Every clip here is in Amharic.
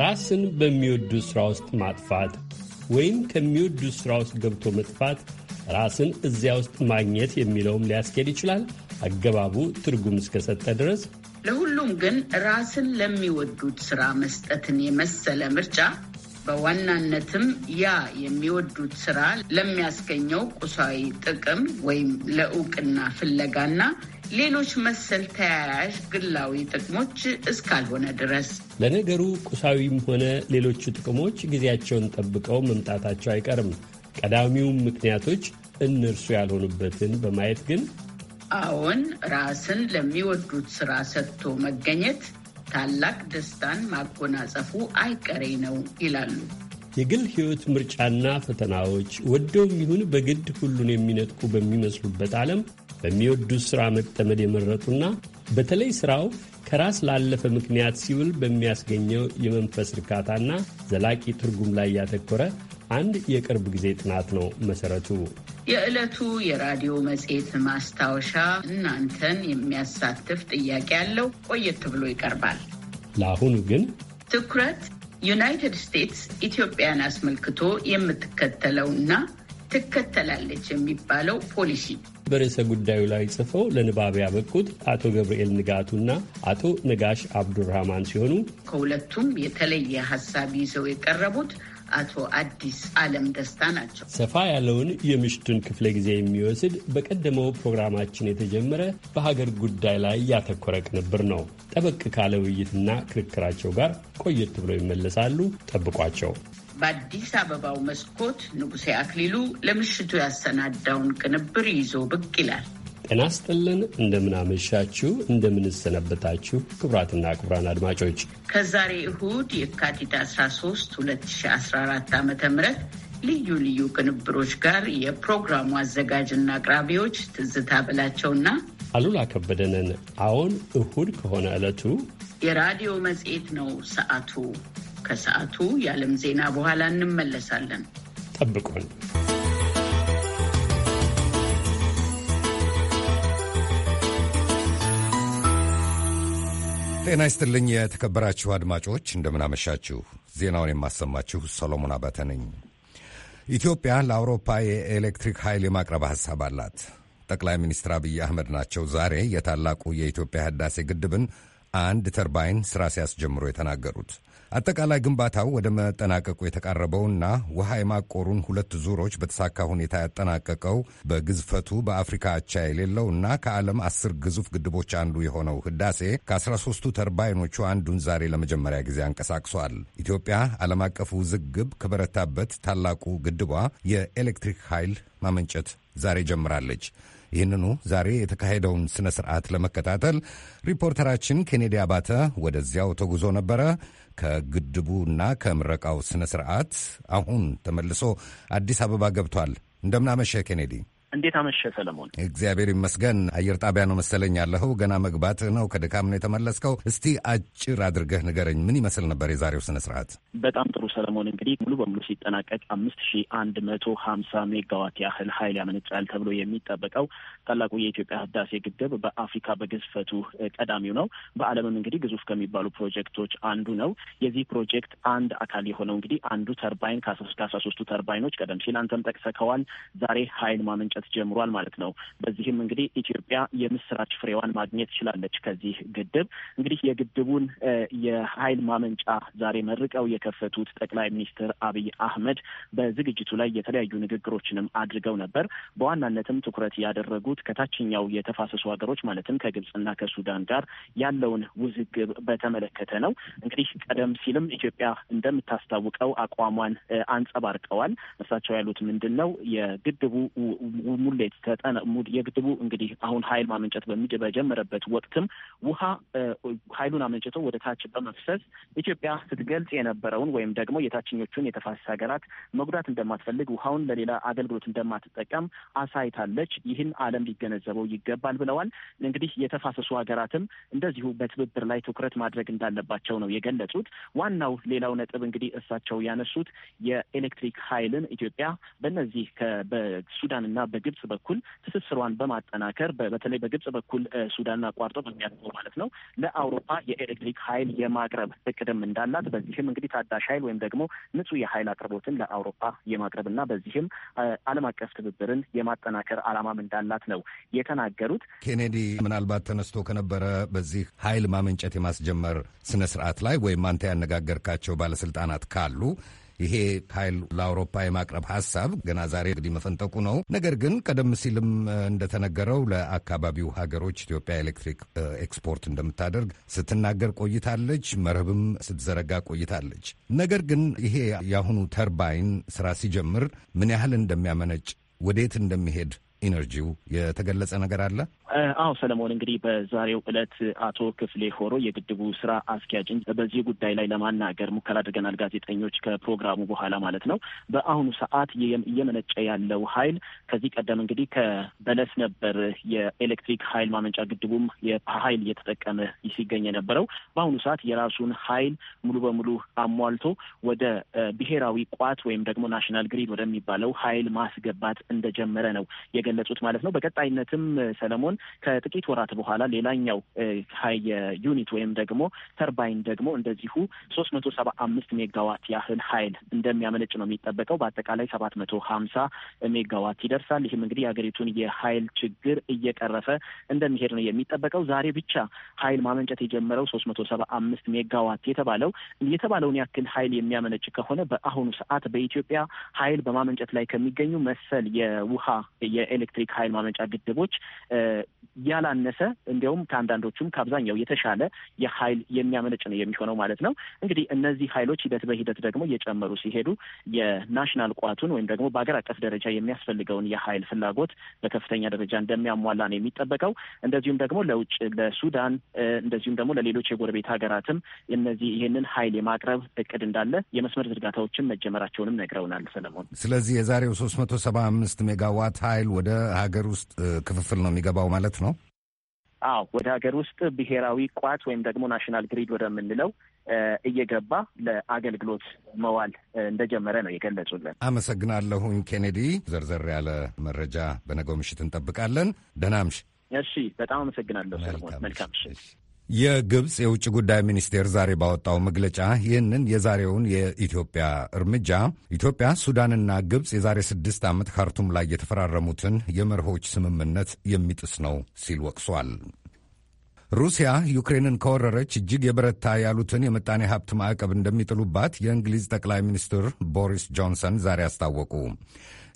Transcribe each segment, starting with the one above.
ራስን በሚወዱት ሥራ ውስጥ ማጥፋት ወይም ከሚወዱ ሥራ ውስጥ ገብቶ መጥፋት ራስን እዚያ ውስጥ ማግኘት የሚለውም ሊያስኬድ ይችላል። አገባቡ ትርጉም እስከሰጠ ድረስ ለሁሉም ግን ራስን ለሚወዱት ሥራ መስጠትን የመሰለ ምርጫ በዋናነትም ያ የሚወዱት ሥራ ለሚያስገኘው ቁሳዊ ጥቅም ወይም ለእውቅና ፍለጋና ሌሎች መሰል ተያያዥ ግላዊ ጥቅሞች እስካልሆነ ድረስ። ለነገሩ ቁሳዊም ሆነ ሌሎቹ ጥቅሞች ጊዜያቸውን ጠብቀው መምጣታቸው አይቀርም። ቀዳሚውም ምክንያቶች እነርሱ ያልሆኑበትን በማየት ግን አዎን፣ ራስን ለሚወዱት ስራ ሰጥቶ መገኘት ታላቅ ደስታን ማጎናጸፉ አይቀሬ ነው ይላሉ። የግል ሕይወት ምርጫና ፈተናዎች ወደውም ይሁን በግድ ሁሉን የሚነጥቁ በሚመስሉበት ዓለም በሚወዱት ሥራ መጠመድ የመረጡና በተለይ ሥራው ከራስ ላለፈ ምክንያት ሲውል በሚያስገኘው የመንፈስ እርካታና ዘላቂ ትርጉም ላይ ያተኮረ አንድ የቅርብ ጊዜ ጥናት ነው መሰረቱ። የዕለቱ የራዲዮ መጽሔት ማስታወሻ እናንተን የሚያሳትፍ ጥያቄ ያለው ቆየት ብሎ ይቀርባል። ለአሁኑ ግን ትኩረት ዩናይትድ ስቴትስ ኢትዮጵያን አስመልክቶ የምትከተለውና ትከተላለች የሚባለው ፖሊሲ በርዕሰ ጉዳዩ ላይ ጽፈው ለንባብ ያበቁት አቶ ገብርኤል ንጋቱና አቶ ነጋሽ አብዱራህማን ሲሆኑ ከሁለቱም የተለየ ሀሳብ ይዘው የቀረቡት አቶ አዲስ አለም ደስታ ናቸው። ሰፋ ያለውን የምሽቱን ክፍለ ጊዜ የሚወስድ በቀደመው ፕሮግራማችን የተጀመረ በሀገር ጉዳይ ላይ ያተኮረ ቅንብር ነው። ጠበቅ ካለ ውይይትና ክርክራቸው ጋር ቆየት ብለው ይመለሳሉ። ጠብቋቸው። በአዲስ አበባው መስኮት ንጉሴ አክሊሉ ለምሽቱ ያሰናዳውን ቅንብር ይዞ ብቅ ይላል። ጤና ይስጥልን፣ እንደምናመሻችሁ፣ እንደምንሰነበታችሁ ክቡራትና ክቡራን አድማጮች ከዛሬ እሁድ የካቲት 13 2014 ዓ ም ልዩ ልዩ ቅንብሮች ጋር የፕሮግራሙ አዘጋጅና አቅራቢዎች ትዝታ ብላቸውና አሉላ ከበደንን። አዎን እሁድ ከሆነ ዕለቱ የራዲዮ መጽሔት ነው ሰዓቱ ከሰዓቱ የዓለም ዜና በኋላ እንመለሳለን። ጠብቁን። ጤና ይስጥልኝ የተከበራችሁ አድማጮች፣ እንደምናመሻችሁ። ዜናውን የማሰማችሁ ሰሎሞን አባተ ነኝ። ኢትዮጵያ ለአውሮፓ የኤሌክትሪክ ኃይል የማቅረብ ሐሳብ አላት። ጠቅላይ ሚኒስትር አብይ አህመድ ናቸው ዛሬ የታላቁ የኢትዮጵያ ህዳሴ ግድብን አንድ ተርባይን ሥራ ሲያስጀምሮ የተናገሩት። አጠቃላይ ግንባታው ወደ መጠናቀቁ የተቃረበውና ውሃ የማቆሩን ሁለት ዙሮች በተሳካ ሁኔታ ያጠናቀቀው በግዝፈቱ በአፍሪካ አቻ እና ከዓለም አስር ግዙፍ ግድቦች አንዱ የሆነው ህዳሴ ከ13ቱ ተርባይኖቹ አንዱን ዛሬ ለመጀመሪያ ጊዜ አንቀሳቅሷል። ኢትዮጵያ ዓለም አቀፉ ውዝግብ ከበረታበት ታላቁ ግድቧ የኤሌክትሪክ ኃይል ማመንጨት ዛሬ ጀምራለች። ይህንኑ ዛሬ የተካሄደውን ስነ ስርዓት ለመከታተል ሪፖርተራችን ኬኔዲ አባተ ወደዚያው ተጉዞ ነበረ። ከግድቡና ከምረቃው ስነ ስርዓት አሁን ተመልሶ አዲስ አበባ ገብቷል። እንደምናመሸ ኬኔዲ እንዴት አመሸ ሰለሞን? እግዚአብሔር ይመስገን። አየር ጣቢያ ነው መሰለኝ ያለኸው። ገና መግባት ነው፣ ከድካም ነው የተመለስከው። እስቲ አጭር አድርገህ ንገረኝ፣ ምን ይመስል ነበር የዛሬው ስነ ስርዓት? በጣም ጥሩ ሰለሞን። እንግዲህ ሙሉ በሙሉ ሲጠናቀቅ አምስት ሺ አንድ መቶ ሀምሳ ሜጋዋት ያህል ኃይል ያመነጫል ተብሎ የሚጠበቀው ታላቁ የኢትዮጵያ ህዳሴ ግድብ በአፍሪካ በግዝፈቱ ቀዳሚው ነው። በዓለምም እንግዲህ ግዙፍ ከሚባሉ ፕሮጀክቶች አንዱ ነው። የዚህ ፕሮጀክት አንድ አካል የሆነው እንግዲህ አንዱ ተርባይን ከአስራ ሶስቱ ተርባይኖች ቀደም ሲል አንተም ጠቅሰከዋል ዛሬ ኃይል ማመንጨት ጀምሯል ማለት ነው። በዚህም እንግዲህ ኢትዮጵያ የምስራች ፍሬዋን ማግኘት ትችላለች። ከዚህ ግድብ እንግዲህ የግድቡን የኃይል ማመንጫ ዛሬ መርቀው የከፈቱት ጠቅላይ ሚኒስትር አብይ አህመድ በዝግጅቱ ላይ የተለያዩ ንግግሮችንም አድርገው ነበር። በዋናነትም ትኩረት ያደረጉ ያደረጉት ከታችኛው የተፋሰሱ ሀገሮች ማለትም ከግብጽና ከሱዳን ጋር ያለውን ውዝግብ በተመለከተ ነው። እንግዲህ ቀደም ሲልም ኢትዮጵያ እንደምታስታውቀው አቋሟን አንጸባርቀዋል። እርሳቸው ያሉት ምንድን ነው? የግድቡ ሙሌት የግድቡ እንግዲህ አሁን ኃይል ማመንጨት በጀመረበት ወቅትም ውሃ ኃይሉን አመንጭቶ ወደ ታች በመፍሰስ ኢትዮጵያ ስትገልጽ የነበረውን ወይም ደግሞ የታችኞቹን የተፋሰስ ሀገራት መጉዳት እንደማትፈልግ ውሃውን ለሌላ አገልግሎት እንደማትጠቀም አሳይታለች። ይህን ዓለም ዓለም ሊገነዘበው ይገባል ብለዋል። እንግዲህ የተፋሰሱ ሀገራትም እንደዚሁ በትብብር ላይ ትኩረት ማድረግ እንዳለባቸው ነው የገለጹት። ዋናው ሌላው ነጥብ እንግዲህ እሳቸው ያነሱት የኤሌክትሪክ ኃይልን ኢትዮጵያ በነዚህ በሱዳንና በግብጽ በኩል ትስስሯን በማጠናከር በተለይ በግብጽ በኩል ሱዳንን አቋርጦ በሚያልፈው ማለት ነው ለአውሮፓ የኤሌክትሪክ ኃይል የማቅረብ እቅድም እንዳላት በዚህም እንግዲህ ታዳሽ ኃይል ወይም ደግሞ ንጹህ የኃይል አቅርቦትን ለአውሮፓ የማቅረብ እና በዚህም ዓለም አቀፍ ትብብርን የማጠናከር ዓላማም እንዳላት ነው የተናገሩት። ኬኔዲ ምናልባት ተነስቶ ከነበረ በዚህ ኃይል ማመንጨት የማስጀመር ስነ ስርዓት ላይ ወይም አንተ ያነጋገርካቸው ባለስልጣናት ካሉ ይሄ ኃይል ለአውሮፓ የማቅረብ ሀሳብ ገና ዛሬ እንግዲህ መፈንጠቁ ነው። ነገር ግን ቀደም ሲልም እንደተነገረው ለአካባቢው ሀገሮች ኢትዮጵያ ኤሌክትሪክ ኤክስፖርት እንደምታደርግ ስትናገር ቆይታለች፣ መረብም ስትዘረጋ ቆይታለች። ነገር ግን ይሄ የአሁኑ ተርባይን ስራ ሲጀምር ምን ያህል እንደሚያመነጭ ወዴት እንደሚሄድ ኢነርጂው የተገለጸ ነገር አለ? አዎ ሰለሞን፣ እንግዲህ በዛሬው ዕለት አቶ ክፍሌ ሆሮ የግድቡ ስራ አስኪያጅን በዚህ ጉዳይ ላይ ለማናገር ሙከራ አድርገናል፣ ጋዜጠኞች ከፕሮግራሙ በኋላ ማለት ነው። በአሁኑ ሰዓት እየመነጨ ያለው ኃይል ከዚህ ቀደም እንግዲህ ከበለስ ነበር የኤሌክትሪክ ኃይል ማመንጫ ግድቡም ኃይል እየተጠቀመ ሲገኝ የነበረው። በአሁኑ ሰዓት የራሱን ኃይል ሙሉ በሙሉ አሟልቶ ወደ ብሔራዊ ቋት ወይም ደግሞ ናሽናል ግሪድ ወደሚባለው ኃይል ማስገባት እንደጀመረ ነው የገለጹት ማለት ነው። በቀጣይነትም ሰለሞን ከጥቂት ወራት በኋላ ሌላኛው ዩኒት ወይም ደግሞ ተርባይን ደግሞ እንደዚሁ ሶስት መቶ ሰባ አምስት ሜጋዋት ያህል ሀይል እንደሚያመነጭ ነው የሚጠበቀው። በአጠቃላይ ሰባት መቶ ሀምሳ ሜጋዋት ይደርሳል። ይህም እንግዲህ የሀገሪቱን የሀይል ችግር እየቀረፈ እንደሚሄድ ነው የሚጠበቀው። ዛሬ ብቻ ሀይል ማመንጨት የጀመረው ሶስት መቶ ሰባ አምስት ሜጋዋት የተባለው የተባለውን ያክል ሀይል የሚያመነጭ ከሆነ በአሁኑ ሰዓት በኢትዮጵያ ሀይል በማመንጨት ላይ ከሚገኙ መሰል የውሃ የኤሌክትሪክ ሀይል ማመንጫ ግድቦች ያላነሰ እንዲያውም ከአንዳንዶቹም ከአብዛኛው የተሻለ የኃይል የሚያመነጭ ነው የሚሆነው ማለት ነው። እንግዲህ እነዚህ ኃይሎች ሂደት በሂደት ደግሞ እየጨመሩ ሲሄዱ የናሽናል ቋቱን ወይም ደግሞ በሀገር አቀፍ ደረጃ የሚያስፈልገውን የኃይል ፍላጎት በከፍተኛ ደረጃ እንደሚያሟላ ነው የሚጠበቀው። እንደዚሁም ደግሞ ለውጭ ለሱዳን እንደዚሁም ደግሞ ለሌሎች የጎረቤት ሀገራትም እነዚህ ይህንን ኃይል የማቅረብ እቅድ እንዳለ የመስመር ዝርጋታዎችን መጀመራቸውንም ነግረውናል ሰለሞን። ስለዚህ የዛሬው ሶስት መቶ ሰባ አምስት ሜጋዋት ኃይል ወደ ሀገር ውስጥ ክፍፍል ነው የሚገባው ማለት ነው? አዎ ወደ ሀገር ውስጥ ብሔራዊ ቋት ወይም ደግሞ ናሽናል ግሪድ ወደምንለው እየገባ ለአገልግሎት መዋል እንደጀመረ ነው የገለጹልን። አመሰግናለሁኝ ኬኔዲ። ዘርዘር ያለ መረጃ በነገው ምሽት እንጠብቃለን። ደህና እሺ፣ በጣም አመሰግናለሁ ሰለሞን። መልካም ምሽት። የግብፅ የውጭ ጉዳይ ሚኒስቴር ዛሬ ባወጣው መግለጫ ይህንን የዛሬውን የኢትዮጵያ እርምጃ ኢትዮጵያ፣ ሱዳንና ግብፅ የዛሬ ስድስት ዓመት ካርቱም ላይ የተፈራረሙትን የመርሆች ስምምነት የሚጥስ ነው ሲል ወቅሷል። ሩሲያ ዩክሬንን ከወረረች እጅግ የበረታ ያሉትን የምጣኔ ሀብት ማዕቀብ እንደሚጥሉባት የእንግሊዝ ጠቅላይ ሚኒስትር ቦሪስ ጆንሰን ዛሬ አስታወቁ።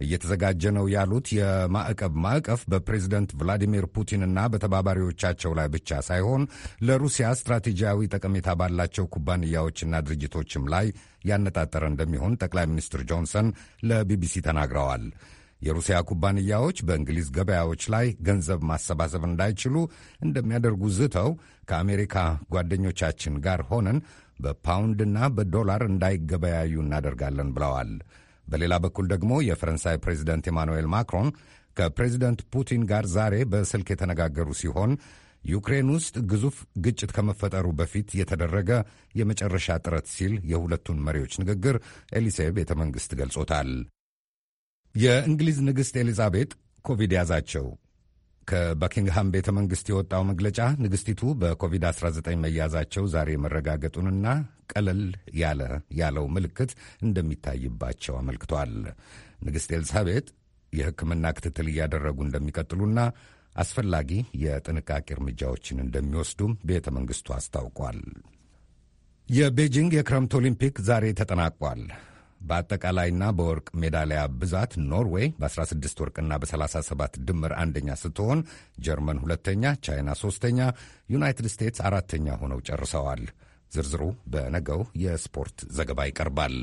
እየተዘጋጀ ነው ያሉት የማዕቀብ ማዕቀፍ በፕሬዝደንት ቭላዲሚር ፑቲንና በተባባሪዎቻቸው ላይ ብቻ ሳይሆን ለሩሲያ ስትራቴጂያዊ ጠቀሜታ ባላቸው ኩባንያዎችና ድርጅቶችም ላይ ያነጣጠረ እንደሚሆን ጠቅላይ ሚኒስትር ጆንሰን ለቢቢሲ ተናግረዋል። የሩሲያ ኩባንያዎች በእንግሊዝ ገበያዎች ላይ ገንዘብ ማሰባሰብ እንዳይችሉ እንደሚያደርጉ ዝተው ከአሜሪካ ጓደኞቻችን ጋር ሆነን በፓውንድና በዶላር እንዳይገበያዩ እናደርጋለን ብለዋል። በሌላ በኩል ደግሞ የፈረንሳይ ፕሬዚደንት ኤማኑኤል ማክሮን ከፕሬዚደንት ፑቲን ጋር ዛሬ በስልክ የተነጋገሩ ሲሆን ዩክሬን ውስጥ ግዙፍ ግጭት ከመፈጠሩ በፊት የተደረገ የመጨረሻ ጥረት ሲል የሁለቱን መሪዎች ንግግር ኤሊሴ ቤተ መንግሥት ገልጾታል። የእንግሊዝ ንግሥት ኤሊዛቤጥ ኮቪድ ያዛቸው። ከባኪንግሃም ቤተ መንግስት የወጣው መግለጫ ንግስቲቱ በኮቪድ-19 መያዛቸው ዛሬ መረጋገጡንና ቀለል ያለ ያለው ምልክት እንደሚታይባቸው አመልክቷል። ንግሥት ኤልሳቤጥ የሕክምና ክትትል እያደረጉ እንደሚቀጥሉና አስፈላጊ የጥንቃቄ እርምጃዎችን እንደሚወስዱም ቤተ መንግስቱ አስታውቋል። የቤጂንግ የክረምት ኦሊምፒክ ዛሬ ተጠናቋል። በአጠቃላይና በወርቅ ሜዳሊያ ብዛት ኖርዌይ በ16 ወርቅና በ37 ድምር አንደኛ ስትሆን ጀርመን ሁለተኛ፣ ቻይና ሦስተኛ፣ ዩናይትድ ስቴትስ አራተኛ ሆነው ጨርሰዋል። ዝርዝሩ በነገው የስፖርት ዘገባ ይቀርባል።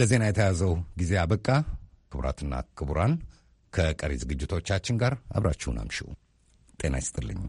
ለዜና የተያዘው ጊዜ አበቃ። ክቡራትና ክቡራን ከቀሪ ዝግጅቶቻችን ጋር አብራችሁን አምሹ። ጤና ይስጥልኝ።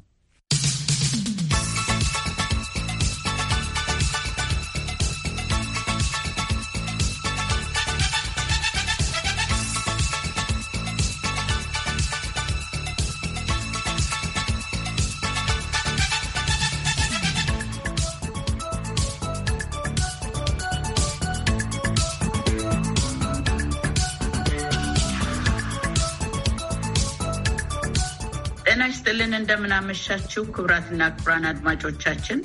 ዜናችን እንደምናመሻችው ክቡራትና ክቡራን አድማጮቻችን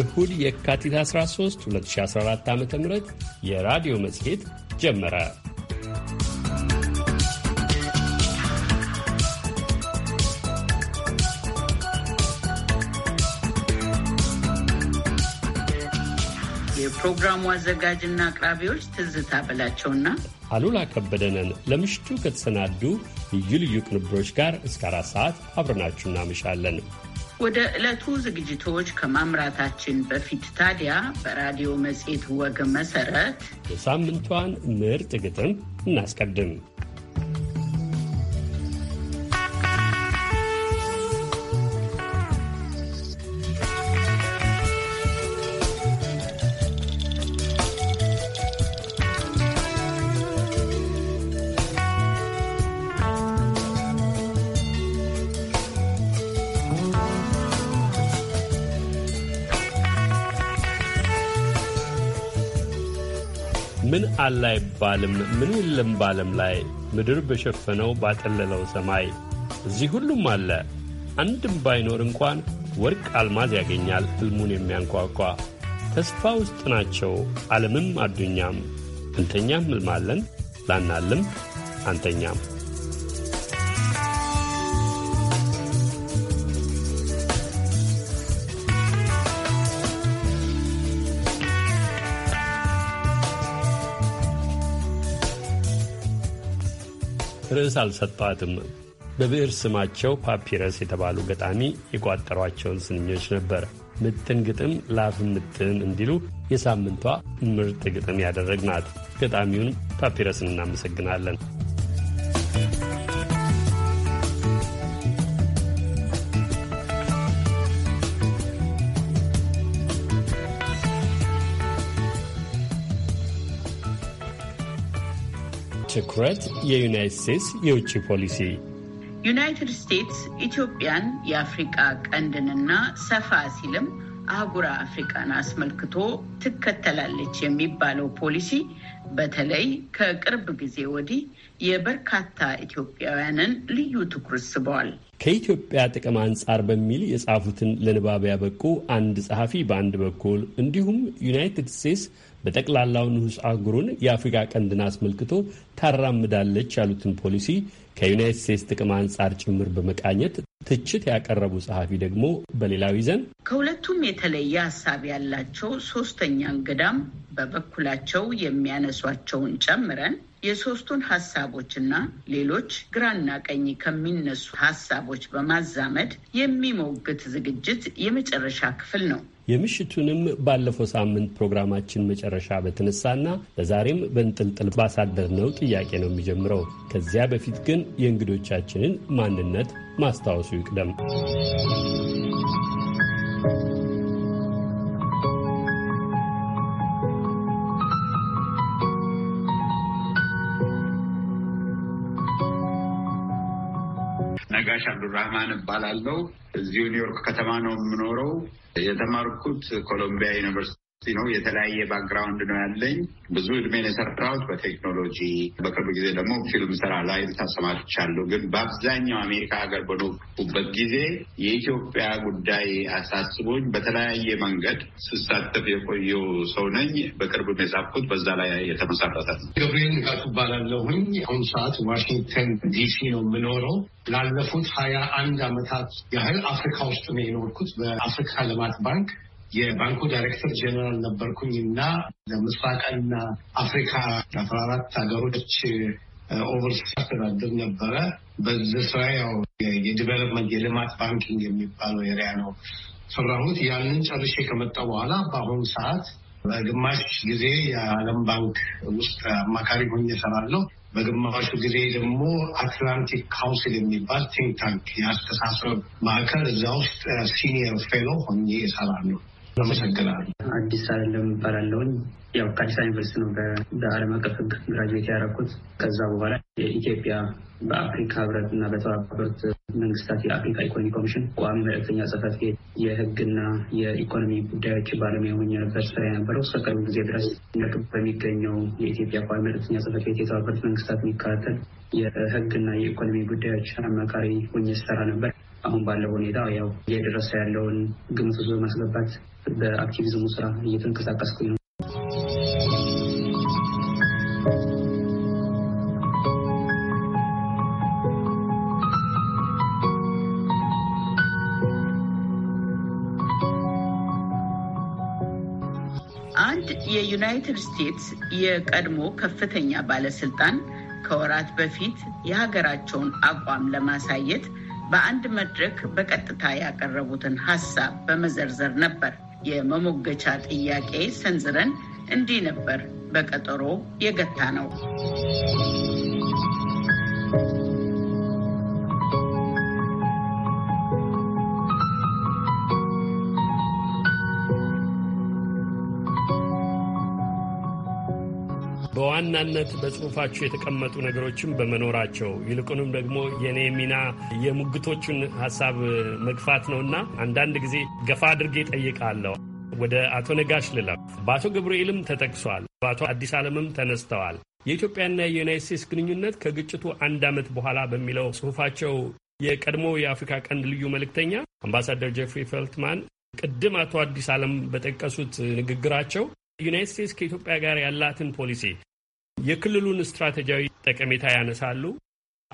እሁድ የካቲት 13 2014 ዓ ም የራዲዮ መጽሔት ጀመረ። የፕሮግራሙ አዘጋጅና አቅራቢዎች ትዝታ በላቸውና አሉላ ከበደነን ለምሽቱ ከተሰናዱ ልዩ ልዩ ቅንብሮች ጋር እስከ አራት ሰዓት አብረናችሁ እናመሻለን። ወደ ዕለቱ ዝግጅቶች ከማምራታችን በፊት ታዲያ በራዲዮ መጽሔት ወግ መሰረት የሳምንቷን ምርጥ ግጥም እናስቀድም። ምን አለ አይባልም፣ ምን የለም ባለም ላይ ምድር በሸፈነው ባጠለለው ሰማይ እዚህ ሁሉም አለ። አንድም ባይኖር እንኳን ወርቅ አልማዝ ያገኛል ሕልሙን የሚያንኳኳ ተስፋ ውስጥ ናቸው ዓለምም አዱኛም። እንተኛም ሕልማለን ላናልም አንተኛም ርዕስ አልሰጧትም። በብዕር ስማቸው ፓፒረስ የተባሉ ገጣሚ የቋጠሯቸውን ስንኞች ነበር ምጥን ግጥም ላፍ ምጥን እንዲሉ የሳምንቷ ምርጥ ግጥም ያደረግናት። ገጣሚውን ፓፒረስን እናመሰግናለን። ትኩረት የዩናይት ስቴትስ የውጭ ፖሊሲ ዩናይትድ ስቴትስ ኢትዮጵያን የአፍሪቃ ቀንድንና ሰፋ ሲልም አህጉራ አፍሪቃን አስመልክቶ ትከተላለች የሚባለው ፖሊሲ በተለይ ከቅርብ ጊዜ ወዲህ የበርካታ ኢትዮጵያውያንን ልዩ ትኩረት ስበዋል። ከኢትዮጵያ ጥቅም አንጻር በሚል የጻፉትን ለንባብ ያበቁ አንድ ጸሐፊ በአንድ በኩል እንዲሁም ዩናይትድ ስቴትስ በጠቅላላው ንዑስ አህጉሩን የአፍሪካ ቀንድን አስመልክቶ ታራምዳለች ያሉትን ፖሊሲ ከዩናይት ስቴትስ ጥቅም አንጻር ጭምር በመቃኘት ትችት ያቀረቡ ጸሐፊ ደግሞ በሌላው ይዘን ከሁለቱም የተለየ ሀሳብ ያላቸው ሶስተኛ እንግዳም በበኩላቸው የሚያነሷቸውን ጨምረን የሶስቱን ሀሳቦችና ሌሎች ግራና ቀኝ ከሚነሱ ሀሳቦች በማዛመድ የሚሞግት ዝግጅት የመጨረሻ ክፍል ነው። የምሽቱንም ባለፈው ሳምንት ፕሮግራማችን መጨረሻ በተነሳና በዛሬም በንጥልጥል ባሳደርነው ጥያቄ ነው የሚጀምረው። ከዚያ በፊት ግን የእንግዶቻችንን ማንነት ማስታወሱ ይቅደም። ነጋሽ አብዱራህማን እባላለሁ። እዚሁ ኒውዮርክ ከተማ ነው የምኖረው። የተማርኩት ኮሎምቢያ ዩኒቨርሲቲ ነው። የተለያየ ባክግራውንድ ነው ያለኝ። ብዙ እድሜን የሰራሁት በቴክኖሎጂ በቅርብ ጊዜ ደግሞ ፊልም ስራ ላይ ተሰማርቻለሁ። ግን በአብዛኛው አሜሪካ ሀገር በኖርኩበት ጊዜ የኢትዮጵያ ጉዳይ አሳስቦኝ በተለያየ መንገድ ስሳተፍ የቆየው ሰው ነኝ። በቅርብ የጻፍኩት በዛ ላይ የተመሰረተ ነው። ገብርኤል ንጋቱ እባላለሁኝ። አሁን ሰዓት ዋሽንግተን ዲሲ ነው የምኖረው። ላለፉት ሀያ አንድ አመታት ያህል አፍሪካ ውስጥ ነው የኖርኩት በአፍሪካ ልማት ባንክ የባንኩ ዳይሬክተር ጀነራል ነበርኩኝ እና ለምስራቅና አፍሪካ አስራ አራት ሀገሮች ኦቨርሲ አስተዳደር ነበረ። በዚ ስራ ያው የዲቨሎፕመንት የልማት ባንኪንግ የሚባለው ኤሪያ ነው ሰራሁት። ያንን ጨርሼ ከመጣ በኋላ በአሁኑ ሰዓት በግማሽ ጊዜ የዓለም ባንክ ውስጥ አማካሪ ሆኜ እሰራለሁ። በግማሹ ጊዜ ደግሞ አትላንቲክ ካውንስል የሚባል ቲንክ ታንክ የአስተሳሰብ ማዕከል እዛ ውስጥ ሲኒየር ፌሎ ሆኜ እሰራለሁ። አመሰግናለሁ። አዲስ አለም እባላለሁኝ። ያው ከአዲስ አበባ ዩኒቨርሲቲ ነው በዓለም አቀፍ ሕግ ግራጁዌት ያደረኩት። ከዛ በኋላ የኢትዮጵያ በአፍሪካ ህብረት እና በተባበሩት መንግስታት የአፍሪካ ኢኮኖሚ ኮሚሽን ቋሚ መልእክተኛ ጽህፈት ቤት የህግና የኢኮኖሚ ጉዳዮች ባለሙያ ሆኜ ነበር ስራ የነበረው እስከ ቅርብ ጊዜ ድረስ በሚገኘው የኢትዮጵያ ቋሚ መልእክተኛ ጽህፈት ቤት የተባበሩት መንግስታት የሚከታተል የህግና የኢኮኖሚ ጉዳዮች አማካሪ ሆኜ ስራ ነበር። አሁን ባለው ሁኔታ ያው እየደረሰ ያለውን ግምት ዞ በማስገባት በአክቲቪዝሙ ስራ እየተንቀሳቀስኩኝ ነው። አንድ የዩናይትድ ስቴትስ የቀድሞ ከፍተኛ ባለስልጣን ከወራት በፊት የሀገራቸውን አቋም ለማሳየት በአንድ መድረክ በቀጥታ ያቀረቡትን ሀሳብ በመዘርዘር ነበር የመሞገቻ ጥያቄ ሰንዝረን እንዲህ ነበር በቀጠሮ የገታ ነው። በዋናነት በጽሁፋቸው የተቀመጡ ነገሮችን በመኖራቸው ይልቁንም ደግሞ የኔ ሚና የሙግቶቹን ሀሳብ መግፋት ነውና አንዳንድ ጊዜ ገፋ አድርጌ ጠይቃለሁ። ወደ አቶ ነጋሽ ልለፍ። በአቶ ገብርኤልም ተጠቅሷል፣ በአቶ አዲስ ዓለምም ተነስተዋል። የኢትዮጵያና የዩናይት ስቴትስ ግንኙነት ከግጭቱ አንድ ዓመት በኋላ በሚለው ጽሁፋቸው የቀድሞ የአፍሪካ ቀንድ ልዩ መልእክተኛ አምባሳደር ጀፍሪ ፌልትማን ቅድም አቶ አዲስ ዓለም በጠቀሱት ንግግራቸው ዩናይት ስቴትስ ከኢትዮጵያ ጋር ያላትን ፖሊሲ የክልሉን ስትራቴጂያዊ ጠቀሜታ ያነሳሉ።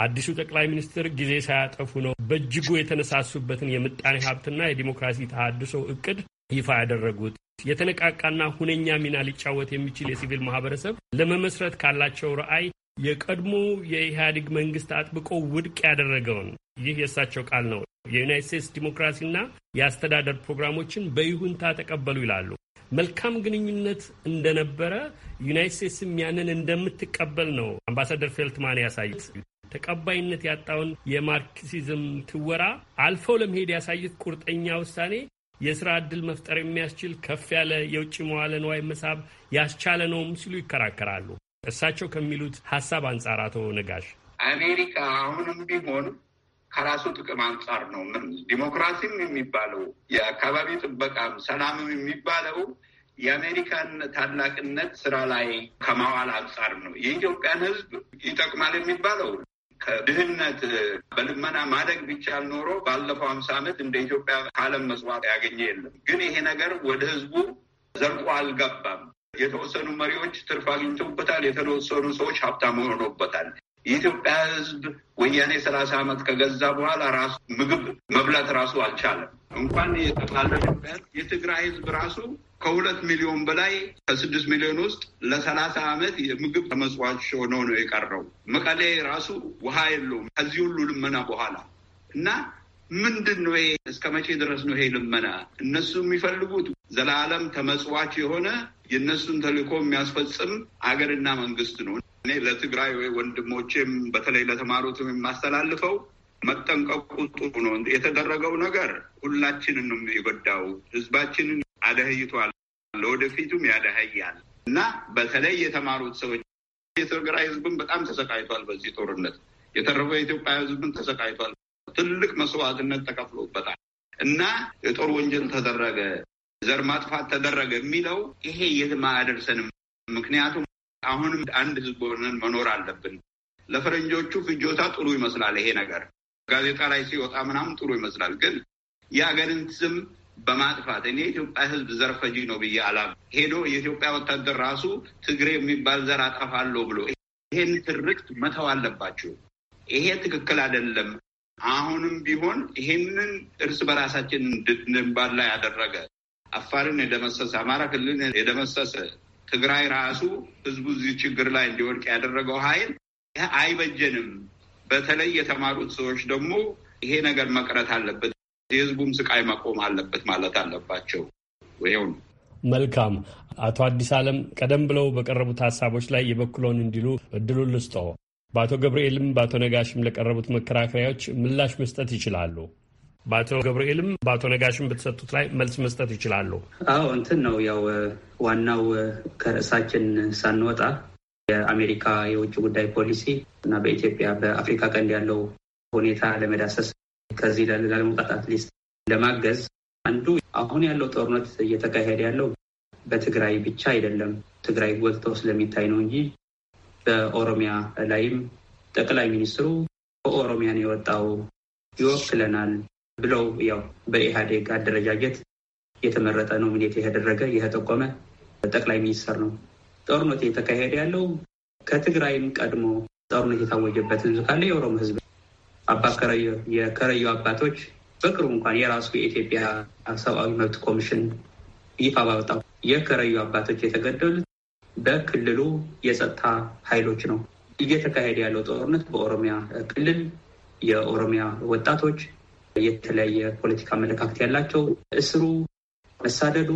አዲሱ ጠቅላይ ሚኒስትር ጊዜ ሳያጠፉ ነው በእጅጉ የተነሳሱበትን የምጣኔ ሀብትና የዲሞክራሲ ተሃድሶ እቅድ ይፋ ያደረጉት። የተነቃቃና ሁነኛ ሚና ሊጫወት የሚችል የሲቪል ማህበረሰብ ለመመስረት ካላቸው ረአይ የቀድሞ የኢህአዴግ መንግስት አጥብቆ ውድቅ ያደረገውን ይህ የእሳቸው ቃል ነው የዩናይት ስቴትስ ዲሞክራሲና የአስተዳደር ፕሮግራሞችን በይሁንታ ተቀበሉ ይላሉ። መልካም ግንኙነት እንደነበረ ዩናይት ስቴትስም ያንን እንደምትቀበል ነው አምባሳደር ፌልትማን ያሳዩት። ተቀባይነት ያጣውን የማርክሲዝም ትወራ አልፈው ለመሄድ ያሳዩት ቁርጠኛ ውሳኔ የስራ እድል መፍጠር የሚያስችል ከፍ ያለ የውጭ መዋለ ንዋይ መሳብ ያስቻለ ነውም ሲሉ ይከራከራሉ። እሳቸው ከሚሉት ሀሳብ አንጻር አቶ ነጋሽ አሜሪካ አሁንም ቢሆን ከራሱ ጥቅም አንጻር ነው። ምን ዲሞክራሲም የሚባለው የአካባቢ ጥበቃም ሰላምም የሚባለው የአሜሪካን ታላቅነት ስራ ላይ ከማዋል አንጻር ነው። የኢትዮጵያን ሕዝብ ይጠቅማል የሚባለው ከድህነት በልመና ማደግ ቢቻል ኖሮ ባለፈው አምሳ ዓመት እንደ ኢትዮጵያ ከአለም መስዋዕት ያገኘ የለም። ግን ይሄ ነገር ወደ ሕዝቡ ዘልቆ አልገባም። የተወሰኑ መሪዎች ትርፍ አግኝተውበታል። የተወሰኑ ሰዎች ሀብታም ሆኖበታል። የኢትዮጵያ ሕዝብ ወያኔ ሰላሳ ዓመት ከገዛ በኋላ ራሱ ምግብ መብላት ራሱ አልቻለም። እንኳን የጠቅላላ የትግራይ ሕዝብ ራሱ ከሁለት ሚሊዮን በላይ ከስድስት ሚሊዮን ውስጥ ለሰላሳ ዓመት የምግብ ተመጽዋች ሆኖ ነው የቀረው። መቀሌ ራሱ ውሃ የለውም ከዚህ ሁሉ ልመና በኋላ እና ምንድን ነው ይሄ? እስከ መቼ ድረስ ነው ይሄ ልመና? እነሱ የሚፈልጉት ዘላለም ተመጽዋች የሆነ የእነሱን ተልእኮ የሚያስፈጽም አገርና መንግስት ነው። እኔ ለትግራይ ወይ ወንድሞቼም በተለይ ለተማሩትም የማስተላልፈው መጠንቀቁ ጥሩ ነው። የተደረገው ነገር ሁላችንን ነው ህዝባችንን አደህይቷል፣ ለወደፊቱም ያደህያል እና በተለይ የተማሩት ሰዎች የትግራይ ህዝብን በጣም ተሰቃይቷል። በዚህ ጦርነት የተረፈ የኢትዮጵያ ህዝብን ተሰቃይቷል። ትልቅ መስዋዕትነት ተከፍሎበታል እና የጦር ወንጀል ተደረገ ዘር ማጥፋት ተደረገ የሚለው ይሄ የትም አያደርሰንም። ምክንያቱም አሁንም አንድ ህዝብ ሆነን መኖር አለብን። ለፈረንጆቹ ፍጆታ ጥሩ ይመስላል ይሄ ነገር ጋዜጣ ላይ ሲወጣ ምናምን ጥሩ ይመስላል። ግን የሀገርን ስም በማጥፋት እኔ የኢትዮጵያ ህዝብ ዘር ፈጂ ነው ብዬ አላም ሄዶ የኢትዮጵያ ወታደር ራሱ ትግሬ የሚባል ዘር አጠፋለሁ ብሎ ይሄን ትርክት መተው አለባቸው። ይሄ ትክክል አይደለም። አሁንም ቢሆን ይሄንን እርስ በራሳችን እንድንባላ ያደረገ አፋርን የደመሰሰ አማራ ክልልን የደመሰሰ ትግራይ ራሱ ህዝቡ እዚህ ችግር ላይ እንዲወድቅ ያደረገው ኃይል ይህ አይበጀንም። በተለይ የተማሩት ሰዎች ደግሞ ይሄ ነገር መቅረት አለበት፣ የህዝቡም ስቃይ መቆም አለበት ማለት አለባቸው። ይኸው ነው። መልካም አቶ አዲስ አለም ቀደም ብለው በቀረቡት ሀሳቦች ላይ የበኩለውን እንዲሉ እድሉን ልስጦ። በአቶ ገብርኤልም በአቶ ነጋሽም ለቀረቡት መከራከሪያዎች ምላሽ መስጠት ይችላሉ። በአቶ ገብርኤልም በአቶ ነጋሽም በተሰጡት ላይ መልስ መስጠት ይችላሉ። አዎ እንትን ነው ያው ዋናው ከርዕሳችን ሳንወጣ የአሜሪካ የውጭ ጉዳይ ፖሊሲ እና በኢትዮጵያ በአፍሪካ ቀንድ ያለው ሁኔታ ለመዳሰስ ከዚህ ላለመውጣት አትሊስት ለማገዝ አንዱ አሁን ያለው ጦርነት እየተካሄደ ያለው በትግራይ ብቻ አይደለም። ትግራይ ጎልቶ ስለሚታይ ነው እንጂ በኦሮሚያ ላይም ጠቅላይ ሚኒስትሩ ከኦሮሚያን የወጣው ይወክለናል ብለው ያው በኢህአዴግ አደረጃጀት የተመረጠ ኖሚኔት የተደረገ የተጠቆመ ጠቅላይ ሚኒስትር ነው። ጦርነት የተካሄደ ያለው ከትግራይም ቀድሞ ጦርነት የታወጀበት ህዝብ ካለ የኦሮሞ ህዝብ አባ ከረዩ አባቶች በቅርቡ እንኳን የራሱ የኢትዮጵያ ሰብአዊ መብት ኮሚሽን ይፋ ባወጣው የከረዩ አባቶች የተገደሉት በክልሉ የጸጥታ ኃይሎች ነው። እየተካሄደ ያለው ጦርነት በኦሮሚያ ክልል የኦሮሚያ ወጣቶች የተለያየ ፖለቲካ አመለካከት ያላቸው እስሩ፣ መሳደዱ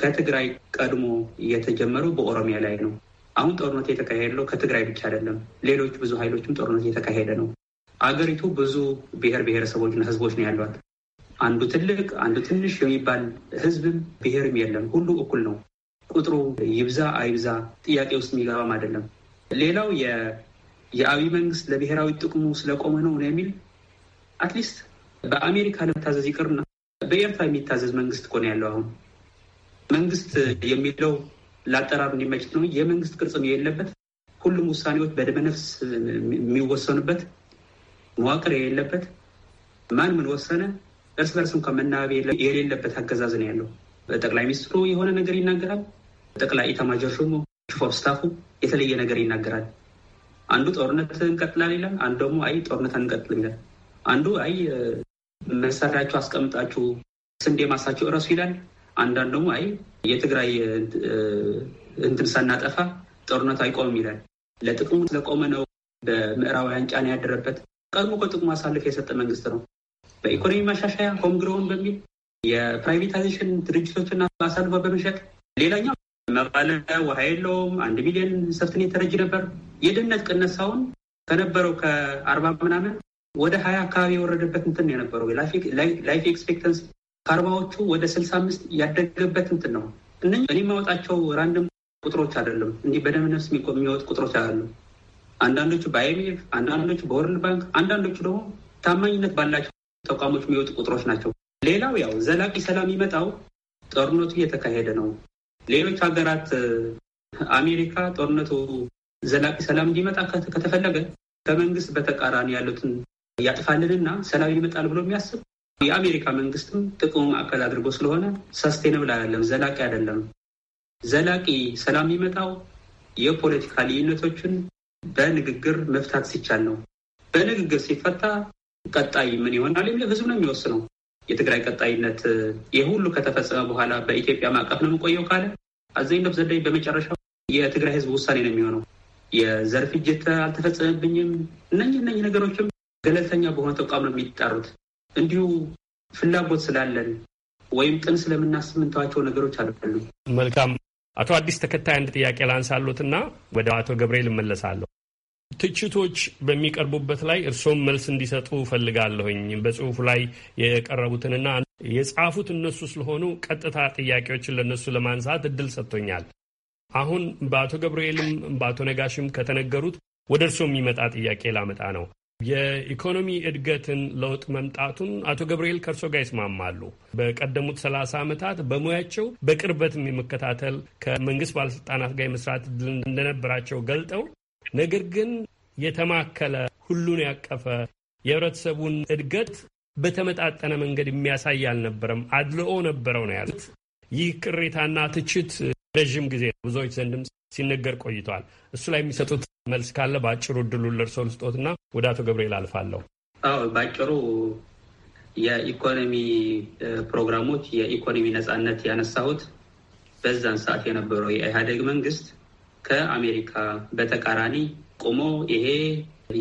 ከትግራይ ቀድሞ የተጀመረው በኦሮሚያ ላይ ነው። አሁን ጦርነት የተካሄደው ከትግራይ ብቻ አይደለም። ሌሎች ብዙ ኃይሎችም ጦርነት የተካሄደ ነው። አገሪቱ ብዙ ብሔር ብሔረሰቦችና ህዝቦች ነው ያሏት። አንዱ ትልቅ አንዱ ትንሽ የሚባል ህዝብም ብሔርም የለም። ሁሉ እኩል ነው። ቁጥሩ ይብዛ አይብዛ ጥያቄ ውስጥ የሚገባም አይደለም። ሌላው የአብይ መንግስት ለብሔራዊ ጥቅሙ ስለቆመ ነው ነው የሚል አትሊስት በአሜሪካ ለመታዘዝ ይቅርና በኤርትራ የሚታዘዝ መንግስት እኮ ነው ያለው። አሁን መንግስት የሚለው ለአጠራር እንዲመች ነው። የመንግስት ቅርጽም የሌለበት ሁሉም ውሳኔዎች ነፍስ የሚወሰኑበት መዋቅር የሌለበት ማን ምን ወሰነ እርስ በርስ እንኳ መናበብ የሌለበት አገዛዝ ነው ያለው። ጠቅላይ ሚኒስትሩ የሆነ ነገር ይናገራል። ጠቅላይ ኢታማዦር ሹሙ ቺፍ ኦፍ ስታፉ የተለየ ነገር ይናገራል። አንዱ ጦርነት እንቀጥላል ይላል። አንዱ ደግሞ አይ ጦርነት አንቀጥልም ይላል። አንዱ አይ መሳሪያቸው አስቀምጣችሁ ስንዴ ማሳቸው እረሱ ይላል። አንዳንድ ደግሞ አይ የትግራይ እንትን ሳናጠፋ ጦርነት አይቆምም ይላል። ለጥቅሙ ስለቆመ ነው በምዕራባውያን ጫና ያደረበት። ቀድሞ ከጥቅሙ አሳልፍ የሰጠ መንግስት ነው። በኢኮኖሚ ማሻሻያ ሆምግሮን በሚል የፕራይቬታይዜሽን ድርጅቶችን አሳልፎ በመሸጥ ሌላኛው መባለ ውሃ የለውም። አንድ ሚሊዮን ሰፍትን የተረጅ ነበር። የድህነት ቅነሳውን ከነበረው ከአርባ ምናምን ወደ ሀያ አካባቢ የወረደበት እንትን የነበረው ላይፍ ኤክስፔክተንስ ከአርባዎቹ ወደ ስልሳ አምስት ያደገበት እንትን ነው። እነ እኔ የማወጣቸው ራንድም ቁጥሮች አይደለም፣ እንዲህ በደም ነፍስ የሚወጡ ቁጥሮች አሉ። አንዳንዶቹ በአይኤምኤፍ፣ አንዳንዶቹ በወርልድ ባንክ፣ አንዳንዶቹ ደግሞ ታማኝነት ባላቸው ተቋሞች የሚወጡ ቁጥሮች ናቸው። ሌላው ያው ዘላቂ ሰላም ይመጣው ጦርነቱ እየተካሄደ ነው። ሌሎች ሀገራት አሜሪካ ጦርነቱ ዘላቂ ሰላም እንዲመጣ ከተፈለገ ከመንግስት በተቃራኒ ያሉትን ያጥፋልንና ሰላም ይመጣል ብሎ የሚያስብ የአሜሪካ መንግስትም ጥቅሙ ማዕከል አድርጎ ስለሆነ ሰስቴንብል አይደለም፣ ዘላቂ አይደለም። ዘላቂ ሰላም የሚመጣው የፖለቲካ ልዩነቶችን በንግግር መፍታት ሲቻል ነው። በንግግር ሲፈታ ቀጣይ ምን ይሆናል የሚለው ህዝብ ነው የሚወስነው። የትግራይ ቀጣይነት ይህ ሁሉ ከተፈጸመ በኋላ በኢትዮጵያ ማዕቀፍ ነው የምቆየው ካለ አዘኝነፍ ዘዳይ በመጨረሻው የትግራይ ህዝብ ውሳኔ ነው የሚሆነው። የዘርፍ እጅት አልተፈጸመብኝም እነኝህ እነኝህ ነገሮችም ገለልተኛ በሆነ ተቋም ነው የሚጠሩት። እንዲሁ ፍላጎት ስላለን ወይም ጥን ስለምናስብ የምንተዋቸው ነገሮች አሉ። መልካም አቶ አዲስ ተከታይ አንድ ጥያቄ ላንሳሉትና ወደ አቶ ገብርኤል እመለሳለሁ። ትችቶች በሚቀርቡበት ላይ እርስዎም መልስ እንዲሰጡ ፈልጋለሁኝ። በጽሁፉ ላይ የቀረቡትንና የጻፉት እነሱ ስለሆኑ ቀጥታ ጥያቄዎችን ለእነሱ ለማንሳት እድል ሰጥቶኛል። አሁን በአቶ ገብርኤልም በአቶ ነጋሽም ከተነገሩት ወደ እርስዎ የሚመጣ ጥያቄ ላመጣ ነው። የኢኮኖሚ እድገትን ለውጥ መምጣቱን አቶ ገብርኤል ከእርሶ ጋር ይስማማሉ። በቀደሙት ሰላሳ ዓመታት በሙያቸው በቅርበትም የመከታተል ከመንግስት ባለስልጣናት ጋር የመስራት እድል እንደነበራቸው ገልጠው ነገር ግን የተማከለ ሁሉን ያቀፈ የህብረተሰቡን እድገት በተመጣጠነ መንገድ የሚያሳይ አልነበረም፣ አድልኦ ነበረው ነው ያሉት። ይህ ቅሬታና ትችት ረዥም ጊዜ ብዙዎች ዘንድም ሲነገር ቆይቷል። እሱ ላይ የሚሰጡት መልስ ካለ በአጭሩ እድሉን ለእርስዎ ልስጦትና ወደ አቶ ገብርኤል አልፋለሁ። አዎ በአጭሩ የኢኮኖሚ ፕሮግራሞች የኢኮኖሚ ነፃነት ያነሳሁት በዛን ሰዓት የነበረው የኢህአዴግ መንግስት ከአሜሪካ በተቃራኒ ቆሞ ይሄ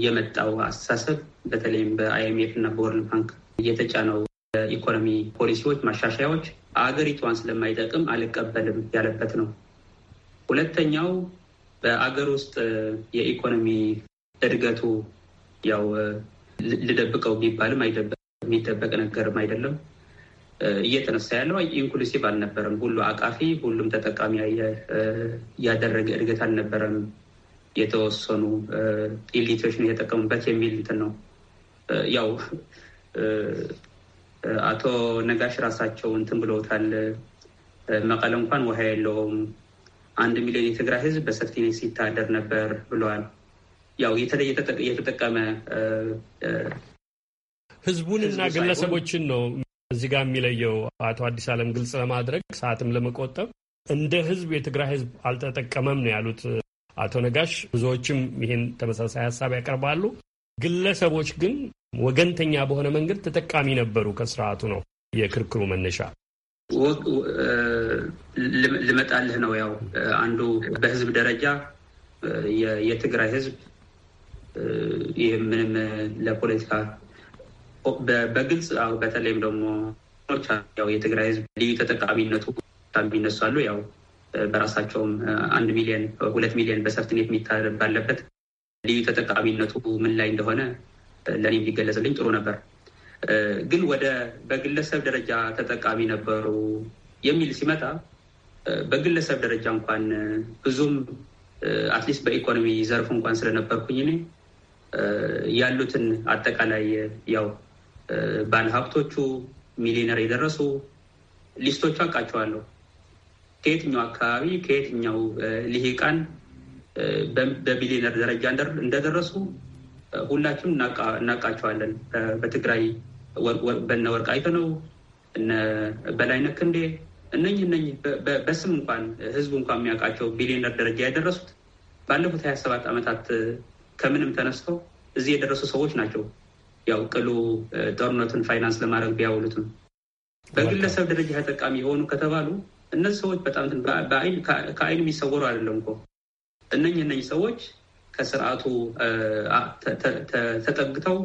የመጣው አስተሳሰብ በተለይም በአይኤምኤፍ እና በወርልድ ባንክ እየተጫነው የኢኮኖሚ ፖሊሲዎች ማሻሻያዎች አገሪቷን ስለማይጠቅም አልቀበልም ያለበት ነው። ሁለተኛው በአገር ውስጥ የኢኮኖሚ እድገቱ ያው ልደብቀው ቢባልም የሚደበቅ ነገርም አይደለም። እየተነሳ ያለው ኢንክሉሲቭ አልነበረም። ሁሉ አቃፊ፣ ሁሉም ተጠቃሚ ያደረገ እድገት አልነበረም። የተወሰኑ ኢሊቶች ነው የተጠቀሙበት የሚል እንትን ነው ያው አቶ ነጋሽ ራሳቸው እንትን ብለውታል። መቀለ እንኳን ውሃ የለውም፣ አንድ ሚሊዮን የትግራይ ህዝብ በሰፊ ሲታደር ነበር ብለዋል። ያው የተለየ የተጠቀመ ህዝቡን እና ግለሰቦችን ነው እዚህ ጋር የሚለየው። አቶ አዲስ አለም ግልጽ ለማድረግ ሰዓትም ለመቆጠብ እንደ ህዝብ የትግራይ ህዝብ አልተጠቀመም ነው ያሉት አቶ ነጋሽ። ብዙዎችም ይህን ተመሳሳይ ሀሳብ ያቀርባሉ። ግለሰቦች ግን ወገንተኛ በሆነ መንገድ ተጠቃሚ ነበሩ ከስርዓቱ ነው የክርክሩ መነሻ። ልመጣልህ ነው ያው አንዱ በህዝብ ደረጃ የትግራይ ህዝብ ይህ ምንም ለፖለቲካ በግልጽ በተለይም ደግሞ ያው የትግራይ ህዝብ ልዩ ተጠቃሚነቱ ይነሳሉ። ያው በራሳቸውም አንድ ሚሊዮን ሁለት ሚሊዮን በሰፍትኔት የሚታደር ባለበት ልዩ ተጠቃሚነቱ ምን ላይ እንደሆነ ለእኔም ሊገለጽልኝ ጥሩ ነበር። ግን ወደ በግለሰብ ደረጃ ተጠቃሚ ነበሩ የሚል ሲመጣ በግለሰብ ደረጃ እንኳን ብዙም አትሊስት በኢኮኖሚ ዘርፍ እንኳን ስለነበርኩኝ እኔ ያሉትን አጠቃላይ ያው ባለሀብቶቹ ሀብቶቹ ሚሊዮነር የደረሱ ሊስቶቹ አውቃቸዋለሁ። ከየትኛው አካባቢ ከየትኛው ልሂቃን በሚሊዮነር ደረጃ እንደደረሱ ሁላችሁም እናውቃቸዋለን። በትግራይ በነ ወርቃይት ነው በላይነ ክንዴ እነኝ እነኝ በስም እንኳን ህዝቡ እንኳን የሚያውቃቸው ቢሊዮነር ደረጃ የደረሱት ባለፉት ሀያ ሰባት ዓመታት ከምንም ተነስተው እዚህ የደረሱ ሰዎች ናቸው። ያው ቅሉ ጦርነቱን ፋይናንስ ለማድረግ ቢያውሉትም በግለሰብ ደረጃ ተጠቃሚ የሆኑ ከተባሉ እነዚህ ሰዎች በጣም ከአይን የሚሰወሩ አይደለም እኮ እነኝ እነኝ ሰዎች ከስርዓቱ ተጠግተው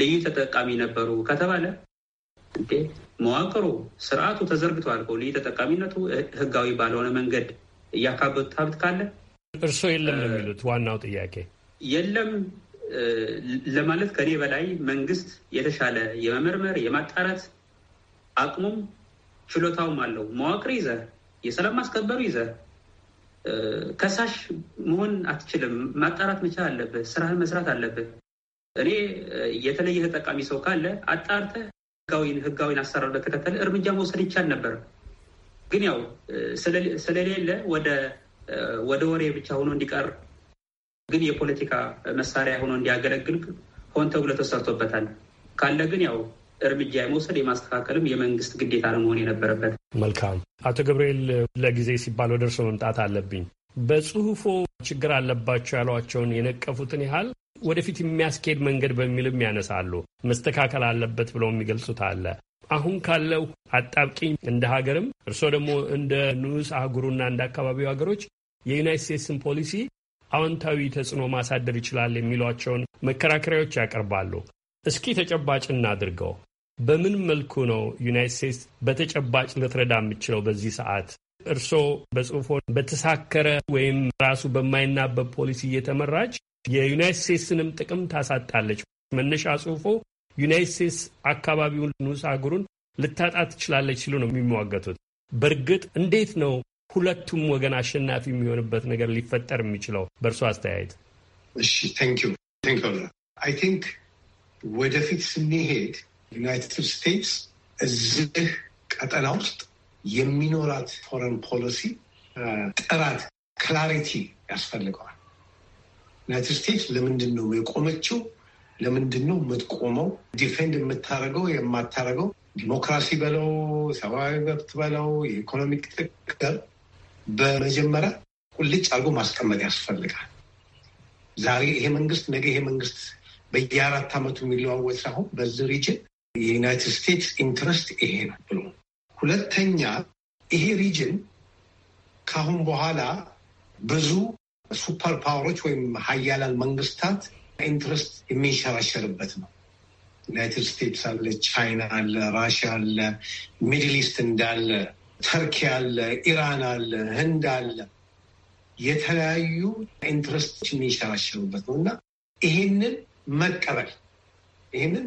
ልዩ ተጠቃሚ ነበሩ ከተባለ እንዴ መዋቅሩ ስርዓቱ ተዘርግቶ አልፎ ልዩ ተጠቃሚነቱ ህጋዊ ባልሆነ መንገድ እያካበቱት ሀብት ካለ እርስዎ የለም ነው የሚሉት? ዋናው ጥያቄ የለም ለማለት ከኔ በላይ መንግስት የተሻለ የመመርመር የማጣራት አቅሙም ችሎታውም አለው። መዋቅር ይዘ የሰላም ማስከበሩ ይዘህ ከሳሽ መሆን አትችልም። ማጣራት መቻል አለብህ። ስራህን መስራት አለብህ። እኔ የተለየ ተጠቃሚ ሰው ካለ አጣርተህ ህጋዊን አሰራር በተከተለ እርምጃ መውሰድ ይቻል ነበር። ግን ያው ስለሌለ ወደ ወሬ ብቻ ሆኖ እንዲቀር ግን የፖለቲካ መሳሪያ ሆኖ እንዲያገለግል ሆን ተብሎ ተሰርቶበታል። ካለ ግን ያው እርምጃ የመውሰድ የማስተካከልም የመንግስት ግዴታ ለመሆን የነበረበት። መልካም አቶ ገብርኤል ለጊዜ ሲባል ወደ እርስዎ መምጣት አለብኝ። በጽሁፎ ችግር አለባቸው ያሏቸውን የነቀፉትን ያህል ወደፊት የሚያስኬድ መንገድ በሚልም ያነሳሉ። መስተካከል አለበት ብለው የሚገልጹት አለ። አሁን ካለው አጣብቂኝ እንደ ሀገርም እርስዎ ደግሞ እንደ ንዑስ አህጉሩና እንደ አካባቢው ሀገሮች የዩናይት ስቴትስን ፖሊሲ አዎንታዊ ተጽዕኖ ማሳደር ይችላል የሚሏቸውን መከራከሪያዎች ያቀርባሉ። እስኪ ተጨባጭ እናድርገው። በምን መልኩ ነው ዩናይት ስቴትስ በተጨባጭ ልትረዳ የምችለው በዚህ ሰዓት? እርስዎ በጽሁፎ በተሳከረ ወይም ራሱ በማይናበብ ፖሊሲ እየተመራች የዩናይት ስቴትስንም ጥቅም ታሳጣለች። መነሻ ጽሁፎ ዩናይት ስቴትስ አካባቢውን ንዑስ አህጉሩን ልታጣ ትችላለች ሲሉ ነው የሚሟገቱት። በእርግጥ እንዴት ነው ሁለቱም ወገን አሸናፊ የሚሆንበት ነገር ሊፈጠር የሚችለው በእርሶ አስተያየት? እሺ፣ ዩ አይ ቲንክ ወደፊት ስንሄድ ዩናይትድ ስቴትስ እዚህ ቀጠና ውስጥ የሚኖራት ፎረን ፖሊሲ ጥራት፣ ክላሪቲ ያስፈልገዋል። ዩናይትድ ስቴትስ ለምንድን ነው የቆመችው? ለምንድን ነው የምትቆመው? ዲፌንድ የምታደርገው የማታደርገው ዲሞክራሲ በለው ሰብአዊ መብት በለው የኢኮኖሚክ ጥቅም በመጀመሪያ ቁልጭ አድርጎ ማስቀመጥ ያስፈልጋል። ዛሬ ይሄ መንግስት ነገ ይሄ መንግስት በየአራት ዓመቱ የሚለዋወጥ ሳይሆን በዚህ ሪጅን የዩናይትድ ስቴትስ ኢንትረስት ይሄ ነው ብሎ ሁለተኛ ይሄ ሪጅን ከአሁን በኋላ ብዙ ሱፐር ፓወሮች ወይም ሀያላል መንግስታት ኢንትረስት የሚንሸራሸርበት ነው። ዩናይትድ ስቴትስ አለ፣ ቻይና አለ፣ ራሽያ አለ፣ ሚድል ኢስት እንዳለ፣ ተርኪ አለ፣ ኢራን አለ፣ ህንድ አለ። የተለያዩ ኢንትረስቶች የሚንሸራሸሩበት ነው እና ይሄንን መቀበል ይህንን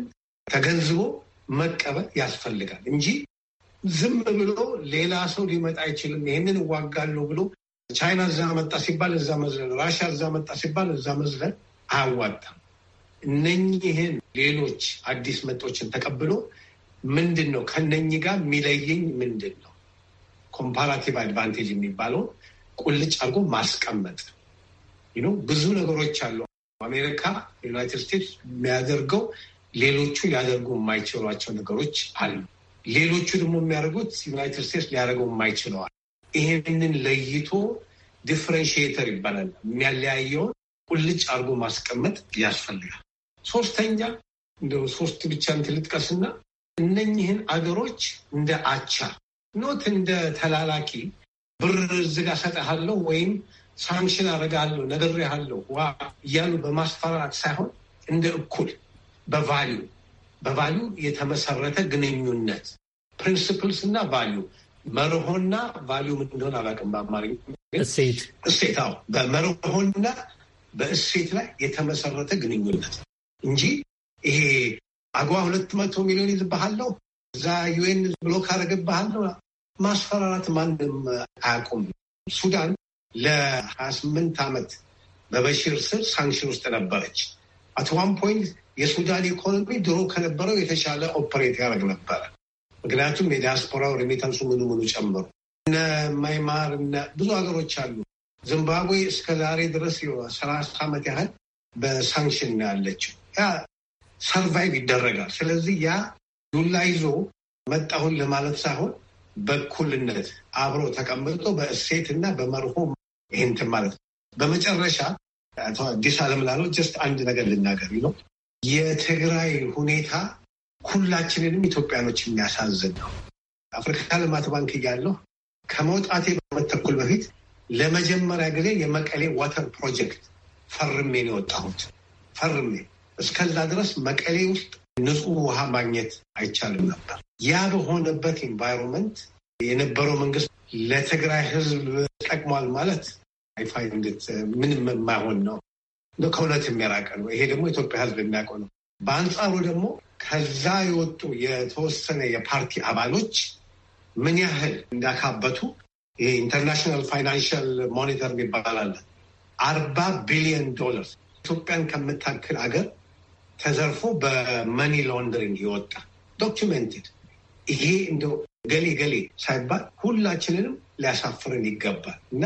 ተገንዝቦ መቀበል ያስፈልጋል እንጂ ዝም ብሎ ሌላ ሰው ሊመጣ አይችልም። ይህንን እዋጋለሁ ብሎ ቻይና እዛ መጣ ሲባል እዛ መዝለል፣ ራሻ እዛ መጣ ሲባል እዛ መዝለል አያዋጣም። እነኚህን ሌሎች አዲስ መጦችን ተቀብሎ ምንድን ነው ከነኚህ ጋር የሚለየኝ ምንድን ነው ኮምፓራቲቭ አድቫንቴጅ የሚባለውን ቁልጭ አድርጎ ማስቀመጥ ብዙ ነገሮች አሉ። አሜሪካ ዩናይትድ ስቴትስ የሚያደርገው ሌሎቹ ሊያደርጉ የማይችሏቸው ነገሮች አሉ። ሌሎቹ ደግሞ የሚያደርጉት ዩናይትድ ስቴትስ ሊያደርገው የማይችለዋል። ይህንን ለይቶ ዲፍረንሽተር ይባላል። የሚያለያየውን ቁልጭ አድርጎ ማስቀመጥ ያስፈልጋል። ሶስተኛ እንደው ሶስት ብቻ እንትን ልጥቀስና እነኝህን አገሮች እንደ አቻ ኖት እንደ ተላላኪ ብር እዝጋ ሰጠሃለሁ ወይም ሳንክሽን አረጋለሁ ነግሬሃለሁ ዋ እያሉ በማስፈራራት ሳይሆን እንደ እኩል በቫሉ በቫሉ የተመሰረተ ግንኙነት ፕሪንስፕልስ እና ቫሉ መርሆና ቫሉ ምን እንደሆነ አላውቅም። በአማርኛ እሴት እሴት በመርሆና በእሴት ላይ የተመሰረተ ግንኙነት እንጂ ይሄ አግባ ሁለት መቶ ሚሊዮን ይዝባሃለው እዛ ዩኤን ብሎ ካረገብሃለው ማስፈራራት ማንም አያውቁም። ሱዳን ለሀያ ስምንት ዓመት በበሺር ስር ሳንክሽን ውስጥ ነበረች። አት ዋን ፖይንት የሱዳን ኢኮኖሚ ድሮ ከነበረው የተሻለ ኦፐሬት ያደርግ ነበረ። ምክንያቱም የዲያስፖራው ሪሚታንሱ ምኑ ምኑ ጨምሩ። እነ ማይማር እነ ብዙ ሀገሮች አሉ። ዚምባብዌ እስከ ዛሬ ድረስ ሰላሳ ዓመት ያህል በሳንክሽን ያለችው። ያ ሰርቫይቭ ይደረጋል። ስለዚህ ያ ዱላ ይዞ መጣሁን ለማለት ሳይሆን በኩልነት አብሮ ተቀምጦ በእሴት እና በመርሆ ይህንትን ማለት ነው። በመጨረሻ አቶ አዲስ አለም ጀስት አንድ ነገር ልናገር ነው። የትግራይ ሁኔታ ሁላችንንም ኢትዮጵያኖች የሚያሳዝን ነው። አፍሪካ ልማት ባንክ እያለሁ ከመውጣቴ በዓመት ተኩል በፊት ለመጀመሪያ ጊዜ የመቀሌ ዋተር ፕሮጀክት ፈርሜ ነው የወጣሁት። ፈርሜ እስከዛ ድረስ መቀሌ ውስጥ ንጹህ ውሃ ማግኘት አይቻልም ነበር። ያ በሆነበት ኢንቫይሮንመንት የነበረው መንግስት ለትግራይ ህዝብ ጠቅሟል ማለት አይፋይንድት ምንም የማይሆን ነው፣ ከእውነት የሚያራቀ ነው። ይሄ ደግሞ ኢትዮጵያ ሕዝብ የሚያውቀው ነው። በአንጻሩ ደግሞ ከዛ የወጡ የተወሰነ የፓርቲ አባሎች ምን ያህል እንዳካበቱ ይሄ ኢንተርናሽናል ፋይናንሽል ሞኒተር የሚባል አለ። አርባ ቢሊዮን ዶላር ኢትዮጵያን ከምታክል አገር ተዘርፎ በመኒ ሎንደሪንግ የወጣ ዶኪመንትድ ይሄ እንደው ገሌ ገሌ ሳይባል ሁላችንንም ሊያሳፍርን ይገባል እና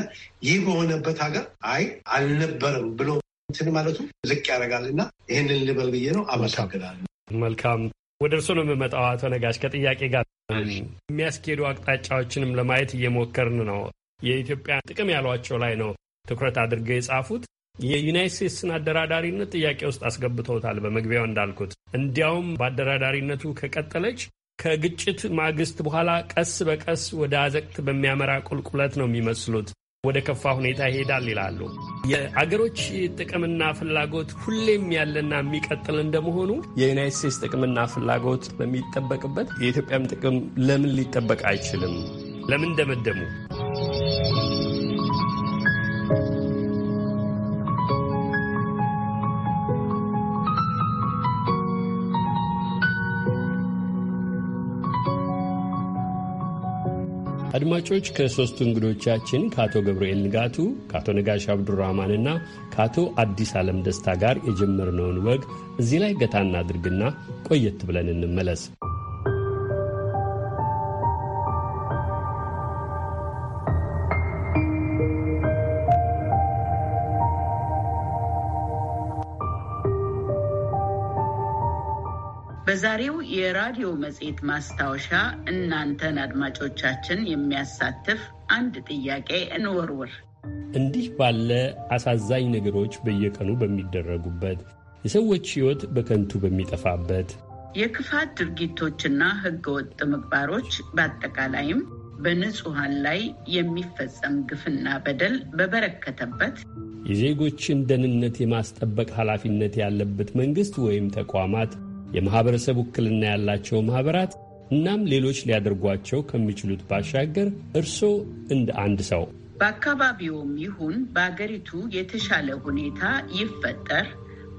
ይህ በሆነበት ሀገር አይ አልነበረም ብሎ እንትን ማለቱ ዝቅ ያደርጋል እና ይህንን ልበል ብዬ ነው። አመሰግናለሁ። መልካም ወደ እርስዎ ነው የምመጣው። አቶ ነጋሽ ከጥያቄ ጋር የሚያስኬዱ አቅጣጫዎችንም ለማየት እየሞከርን ነው። የኢትዮጵያ ጥቅም ያሏቸው ላይ ነው ትኩረት አድርገው የጻፉት። የዩናይት ስቴትስን አደራዳሪነት ጥያቄ ውስጥ አስገብተውታል። በመግቢያው እንዳልኩት እንዲያውም በአደራዳሪነቱ ከቀጠለች ከግጭት ማግስት በኋላ ቀስ በቀስ ወደ አዘቅት በሚያመራ ቁልቁለት ነው የሚመስሉት። ወደ ከፋ ሁኔታ ይሄዳል ይላሉ። የአገሮች ጥቅምና ፍላጎት ሁሌም ያለና የሚቀጥል እንደመሆኑ የዩናይት ስቴትስ ጥቅምና ፍላጎት በሚጠበቅበት የኢትዮጵያም ጥቅም ለምን ሊጠበቅ አይችልም? ለምን ደመደሙ? አድማጮች ከሦስቱ እንግዶቻችን ከአቶ ገብርኤል ንጋቱ፣ ከአቶ ነጋሽ አብዱራህማንና ከአቶ አዲስ ዓለም ደስታ ጋር የጀመርነውን ወግ እዚህ ላይ ገታ እናድርግና ቆየት ብለን እንመለስ። በዛሬው የራዲዮ መጽሔት ማስታወሻ እናንተን አድማጮቻችን የሚያሳትፍ አንድ ጥያቄ እንወርውር። እንዲህ ባለ አሳዛኝ ነገሮች በየቀኑ በሚደረጉበት የሰዎች ሕይወት በከንቱ በሚጠፋበት የክፋት ድርጊቶችና ሕገወጥ ምግባሮች በአጠቃላይም በንጹሐን ላይ የሚፈጸም ግፍና በደል በበረከተበት የዜጎችን ደህንነት የማስጠበቅ ኃላፊነት ያለበት መንግሥት ወይም ተቋማት የማኅበረሰብ ውክልና ያላቸው ማኅበራት እናም ሌሎች ሊያደርጓቸው ከሚችሉት ባሻገር እርስዎ እንደ አንድ ሰው በአካባቢውም ይሁን በአገሪቱ የተሻለ ሁኔታ ይፈጠር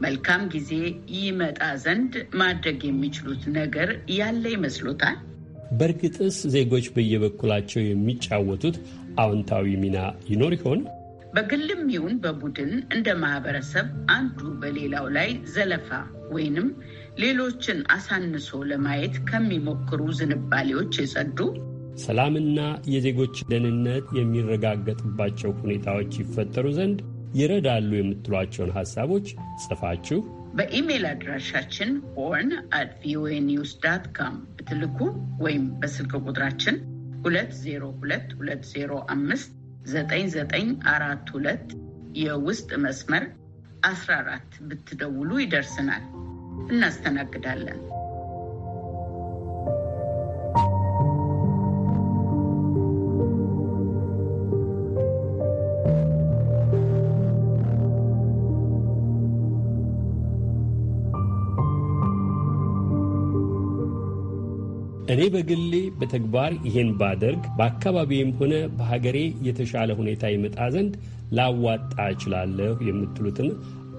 መልካም ጊዜ ይመጣ ዘንድ ማድረግ የሚችሉት ነገር ያለ ይመስሎታል? በእርግጥስ ዜጎች በየበኩላቸው የሚጫወቱት አዎንታዊ ሚና ይኖር ይሆን? በግልም ይሁን በቡድን እንደ ማህበረሰብ አንዱ በሌላው ላይ ዘለፋ ወይንም ሌሎችን አሳንሶ ለማየት ከሚሞክሩ ዝንባሌዎች የጸዱ ሰላምና የዜጎች ደህንነት የሚረጋገጥባቸው ሁኔታዎች ይፈጠሩ ዘንድ ይረዳሉ የምትሏቸውን ሀሳቦች ጽፋችሁ በኢሜይል አድራሻችን ሆርን አት ቪኦኤ ኒውስ ዳት ካም ብትልኩ ወይም በስልክ ቁጥራችን 2022059942 የውስጥ መስመር 14 ብትደውሉ ይደርስናል። እናስተናግዳለን። እኔ በግሌ በተግባር ይሄን ባደርግ በአካባቢዬም ሆነ በሀገሬ የተሻለ ሁኔታ ይመጣ ዘንድ ላዋጣ እችላለሁ የምትሉትን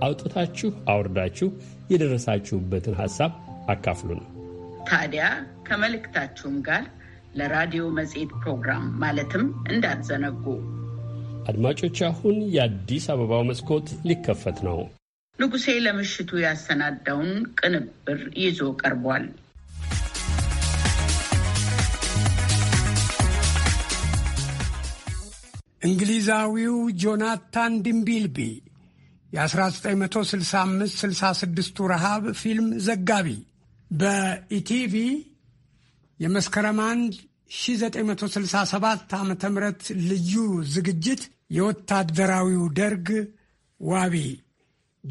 አውጥታችሁ አውርዳችሁ የደረሳችሁበትን አካፍሉ አካፍሉን። ታዲያ ከመልእክታችሁም ጋር ለራዲዮ መጽሔት ፕሮግራም ማለትም እንዳትዘነጉ። አድማጮች፣ አሁን የአዲስ አበባው መስኮት ሊከፈት ነው። ንጉሴ ለምሽቱ ያሰናዳውን ቅንብር ይዞ ቀርቧል። እንግሊዛዊው ጆናታን ድምቢልቢ! የ1965/66ቱ ረሃብ ፊልም ዘጋቢ በኢቲቪ የመስከረም 1 1967 ዓ ም ልዩ ዝግጅት የወታደራዊው ደርግ ዋቢ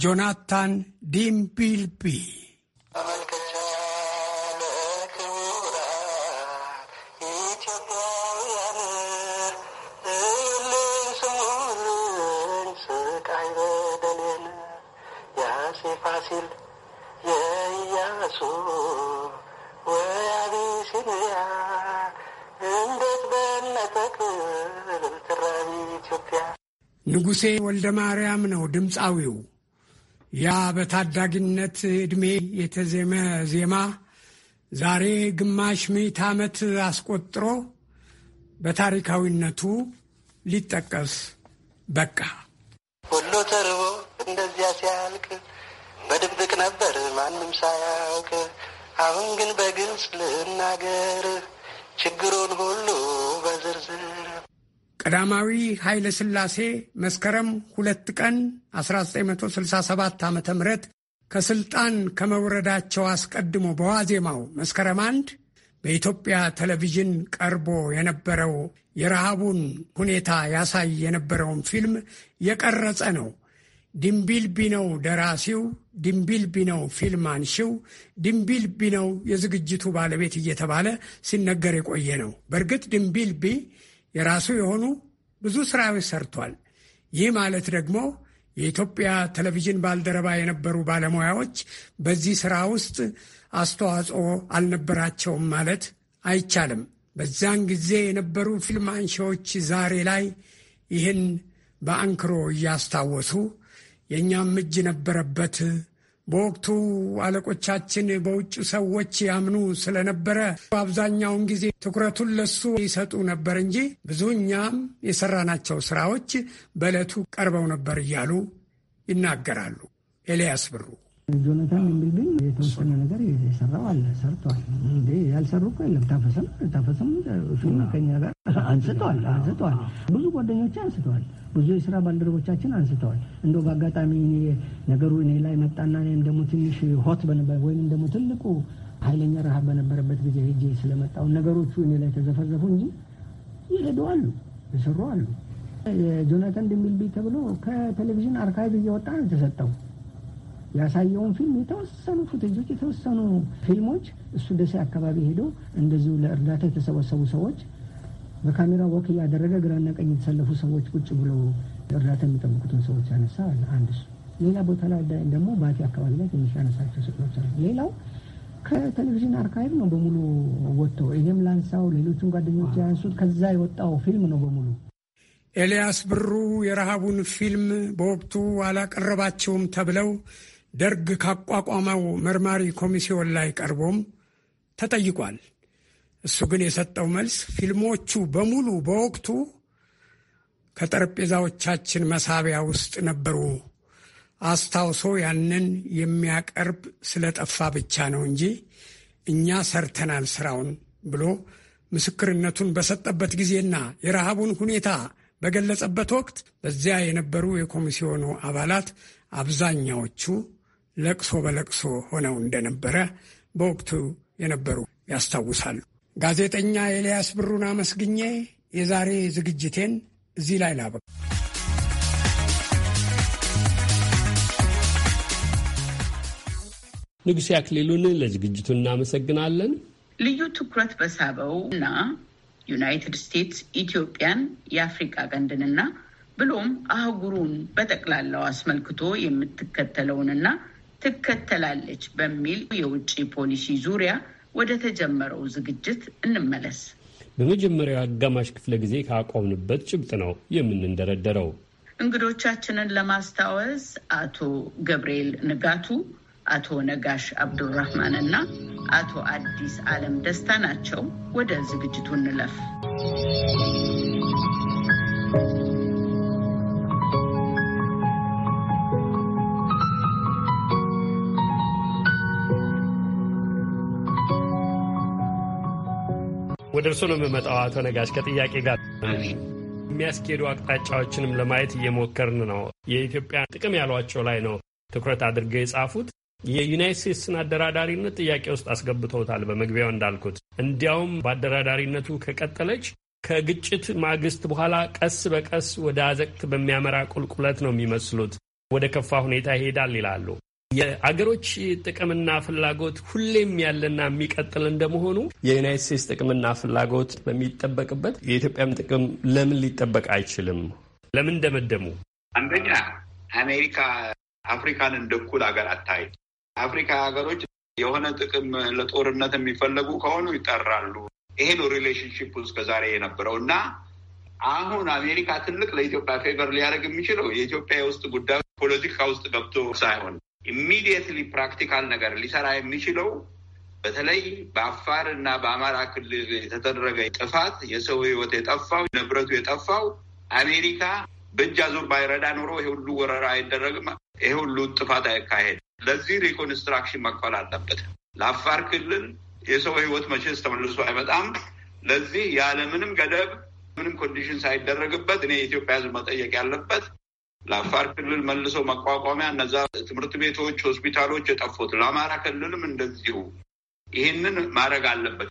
ጆናታን ዲምቢልቢ ንጉሴ ወልደ ማርያም ነው ድምፃዊው። ያ በታዳጊነት ዕድሜ የተዜመ ዜማ ዛሬ ግማሽ ምዕት ዓመት አስቆጥሮ በታሪካዊነቱ ሊጠቀስ በቃ። ወሎ ተርቦ እንደዚያ ሲያልቅ በድብቅ ነበር ማንም ሳያውቅ። አሁን ግን በግልጽ ልናገር ችግሩን ሁሉ በዝርዝር ቀዳማዊ ኃይለ ሥላሴ መስከረም ሁለት ቀን 1967 ዓ ም ከሥልጣን ከመውረዳቸው አስቀድሞ በዋዜማው መስከረም አንድ በኢትዮጵያ ቴሌቪዥን ቀርቦ የነበረው የረሃቡን ሁኔታ ያሳይ የነበረውን ፊልም የቀረጸ ነው። ድንቢልቢ ነው ደራሲው፣ ድንቢልቢ ነው ፊልም አንሺው፣ ድንቢልቢ ነው የዝግጅቱ ባለቤት እየተባለ ሲነገር የቆየ ነው። በእርግጥ ቢ የራሱ የሆኑ ብዙ ስራዎች ሰርቷል። ይህ ማለት ደግሞ የኢትዮጵያ ቴሌቪዥን ባልደረባ የነበሩ ባለሙያዎች በዚህ ስራ ውስጥ አስተዋጽኦ አልነበራቸውም ማለት አይቻልም። በዛን ጊዜ የነበሩ ፊልም አንሺዎች ዛሬ ላይ ይህን በአንክሮ እያስታወሱ የእኛም እጅ ነበረበት በወቅቱ አለቆቻችን በውጭ ሰዎች ያምኑ ስለነበረ አብዛኛውን ጊዜ ትኩረቱን ለሱ ይሰጡ ነበር እንጂ ብዙ እኛም የሰራናቸው ስራዎች በዕለቱ ቀርበው ነበር እያሉ ይናገራሉ። ኤልያስ ብሩ ጆናታን የሚል የተወሰነ ነገር የሰራው አለ፣ ሰርቷል። እንደ ያልሰሩ እኮ የለም። ታፈሰም ታፈሰም ከኛ ጋር አንስተዋል አንስተዋል ብዙ ጓደኞች አንስተዋል። ብዙ የስራ ባልደረቦቻችን አንስተዋል። እንደው በአጋጣሚ ነገሩ እኔ ላይ መጣና እኔም ደግሞ ትንሽ ሆት ወይም ደግሞ ትልቁ ኃይለኛ ረሃብ በነበረበት ጊዜ ሄጄ ስለመጣው ነገሮቹ እኔ ላይ ተዘፈዘፉ እንጂ ይሄዱ አሉ፣ የሰሩ አሉ። የጆናታን ድንቢልቢ ተብሎ ከቴሌቪዥን አርካይቭ እየወጣ ነው የተሰጠው። ያሳየውን ፊልም የተወሰኑ ፉቴጆች፣ የተወሰኑ ፊልሞች እሱ ደሴ አካባቢ ሄደው እንደዚሁ ለእርዳታ የተሰበሰቡ ሰዎች በካሜራ ወክ እያደረገ ግራና ቀኝ የተሰለፉ ሰዎች ቁጭ ብሎ እርዳታ የሚጠብቁትን ሰዎች ያነሳ አንድ እሱ። ሌላ ቦታ ላይ ደግሞ ባቲ አካባቢ ላይ ትንሽ ያነሳቸው ስዕሎች አሉ። ሌላው ከቴሌቪዥን አርካይቭ ነው በሙሉ ወጥተው ይህም ላንሳው፣ ሌሎችም ጓደኞች ያንሱት። ከዛ የወጣው ፊልም ነው በሙሉ። ኤልያስ ብሩ የረሃቡን ፊልም በወቅቱ አላቀረባቸውም ተብለው ደርግ ካቋቋመው መርማሪ ኮሚሲዮን ላይ ቀርቦም ተጠይቋል። እሱ ግን የሰጠው መልስ ፊልሞቹ በሙሉ በወቅቱ ከጠረጴዛዎቻችን መሳቢያ ውስጥ ነበሩ። አስታውሶ ያንን የሚያቀርብ ስለጠፋ ብቻ ነው እንጂ እኛ ሰርተናል ስራውን ብሎ ምስክርነቱን በሰጠበት ጊዜና የረሃቡን ሁኔታ በገለጸበት ወቅት በዚያ የነበሩ የኮሚሲዮኑ አባላት አብዛኛዎቹ ለቅሶ በለቅሶ ሆነው እንደነበረ በወቅቱ የነበሩ ያስታውሳሉ። ጋዜጠኛ ኤልያስ ብሩን አመስግኜ የዛሬ ዝግጅቴን እዚህ ላይ ላብቅ። ንጉሴ አክሊሉን ለዝግጅቱ እናመሰግናለን። ልዩ ትኩረት በሳበው እና ዩናይትድ ስቴትስ ኢትዮጵያን የአፍሪቃ ቀንድንና ብሎም አህጉሩን በጠቅላላው አስመልክቶ የምትከተለውንና ትከተላለች በሚል የውጭ ፖሊሲ ዙሪያ ወደ ተጀመረው ዝግጅት እንመለስ። በመጀመሪያው አጋማሽ ክፍለ ጊዜ ካቆምንበት ጭብጥ ነው የምንደረደረው። እንግዶቻችንን ለማስታወስ አቶ ገብርኤል ንጋቱ፣ አቶ ነጋሽ አብዱራህማን እና አቶ አዲስ አለም ደስታ ናቸው። ወደ ዝግጅቱ እንለፍ። ወደ እርሱ ነው የምመጣው። አቶ ነጋሽ ከጥያቄ ጋር የሚያስኬዱ አቅጣጫዎችንም ለማየት እየሞከርን ነው። የኢትዮጵያ ጥቅም ያሏቸው ላይ ነው ትኩረት አድርገው የጻፉት። የዩናይት ስቴትስን አደራዳሪነት ጥያቄ ውስጥ አስገብተውታል። በመግቢያው እንዳልኩት እንዲያውም በአደራዳሪነቱ ከቀጠለች ከግጭት ማግስት በኋላ ቀስ በቀስ ወደ አዘቅት በሚያመራ ቁልቁለት ነው የሚመስሉት፣ ወደ ከፋ ሁኔታ ይሄዳል ይላሉ። የአገሮች ጥቅምና ፍላጎት ሁሌም ያለና የሚቀጥል እንደመሆኑ የዩናይት ስቴትስ ጥቅምና ፍላጎት በሚጠበቅበት የኢትዮጵያም ጥቅም ለምን ሊጠበቅ አይችልም? ለምን ደመደሙ? አንደኛ አሜሪካ አፍሪካን እንደ እኩል ሀገር አታይ። አፍሪካ ሀገሮች የሆነ ጥቅም ለጦርነት የሚፈለጉ ከሆኑ ይጠራሉ። ይሄ ነው ሪሌሽንሽፕ እስከ ዛሬ የነበረው እና አሁን አሜሪካ ትልቅ ለኢትዮጵያ ፌቨር ሊያደርግ የሚችለው የኢትዮጵያ የውስጥ ጉዳዮች ፖለቲካ ውስጥ ገብቶ ሳይሆን ኢሚዲየትሊ ፕራክቲካል ነገር ሊሰራ የሚችለው በተለይ በአፋር እና በአማራ ክልል የተደረገ ጥፋት የሰው ህይወት የጠፋው ንብረቱ የጠፋው አሜሪካ በእጅ አዙር ባይረዳ ኖሮ ይሄ ሁሉ ወረራ አይደረግም፣ ይሄ ሁሉ ጥፋት አይካሄድም። ለዚህ ሪኮንስትራክሽን መክፈል አለበት። ለአፋር ክልል የሰው ህይወት መቼስ ተመልሶ አይመጣም። ለዚህ ያለምንም ገደብ ምንም ኮንዲሽን ሳይደረግበት እኔ የኢትዮጵያ ህዝብ መጠየቅ ያለበት ለአፋር ክልል መልሶ መቋቋሚያ እነዛ ትምህርት ቤቶች፣ ሆስፒታሎች የጠፉት ለአማራ ክልልም እንደዚሁ ይህንን ማድረግ አለበት።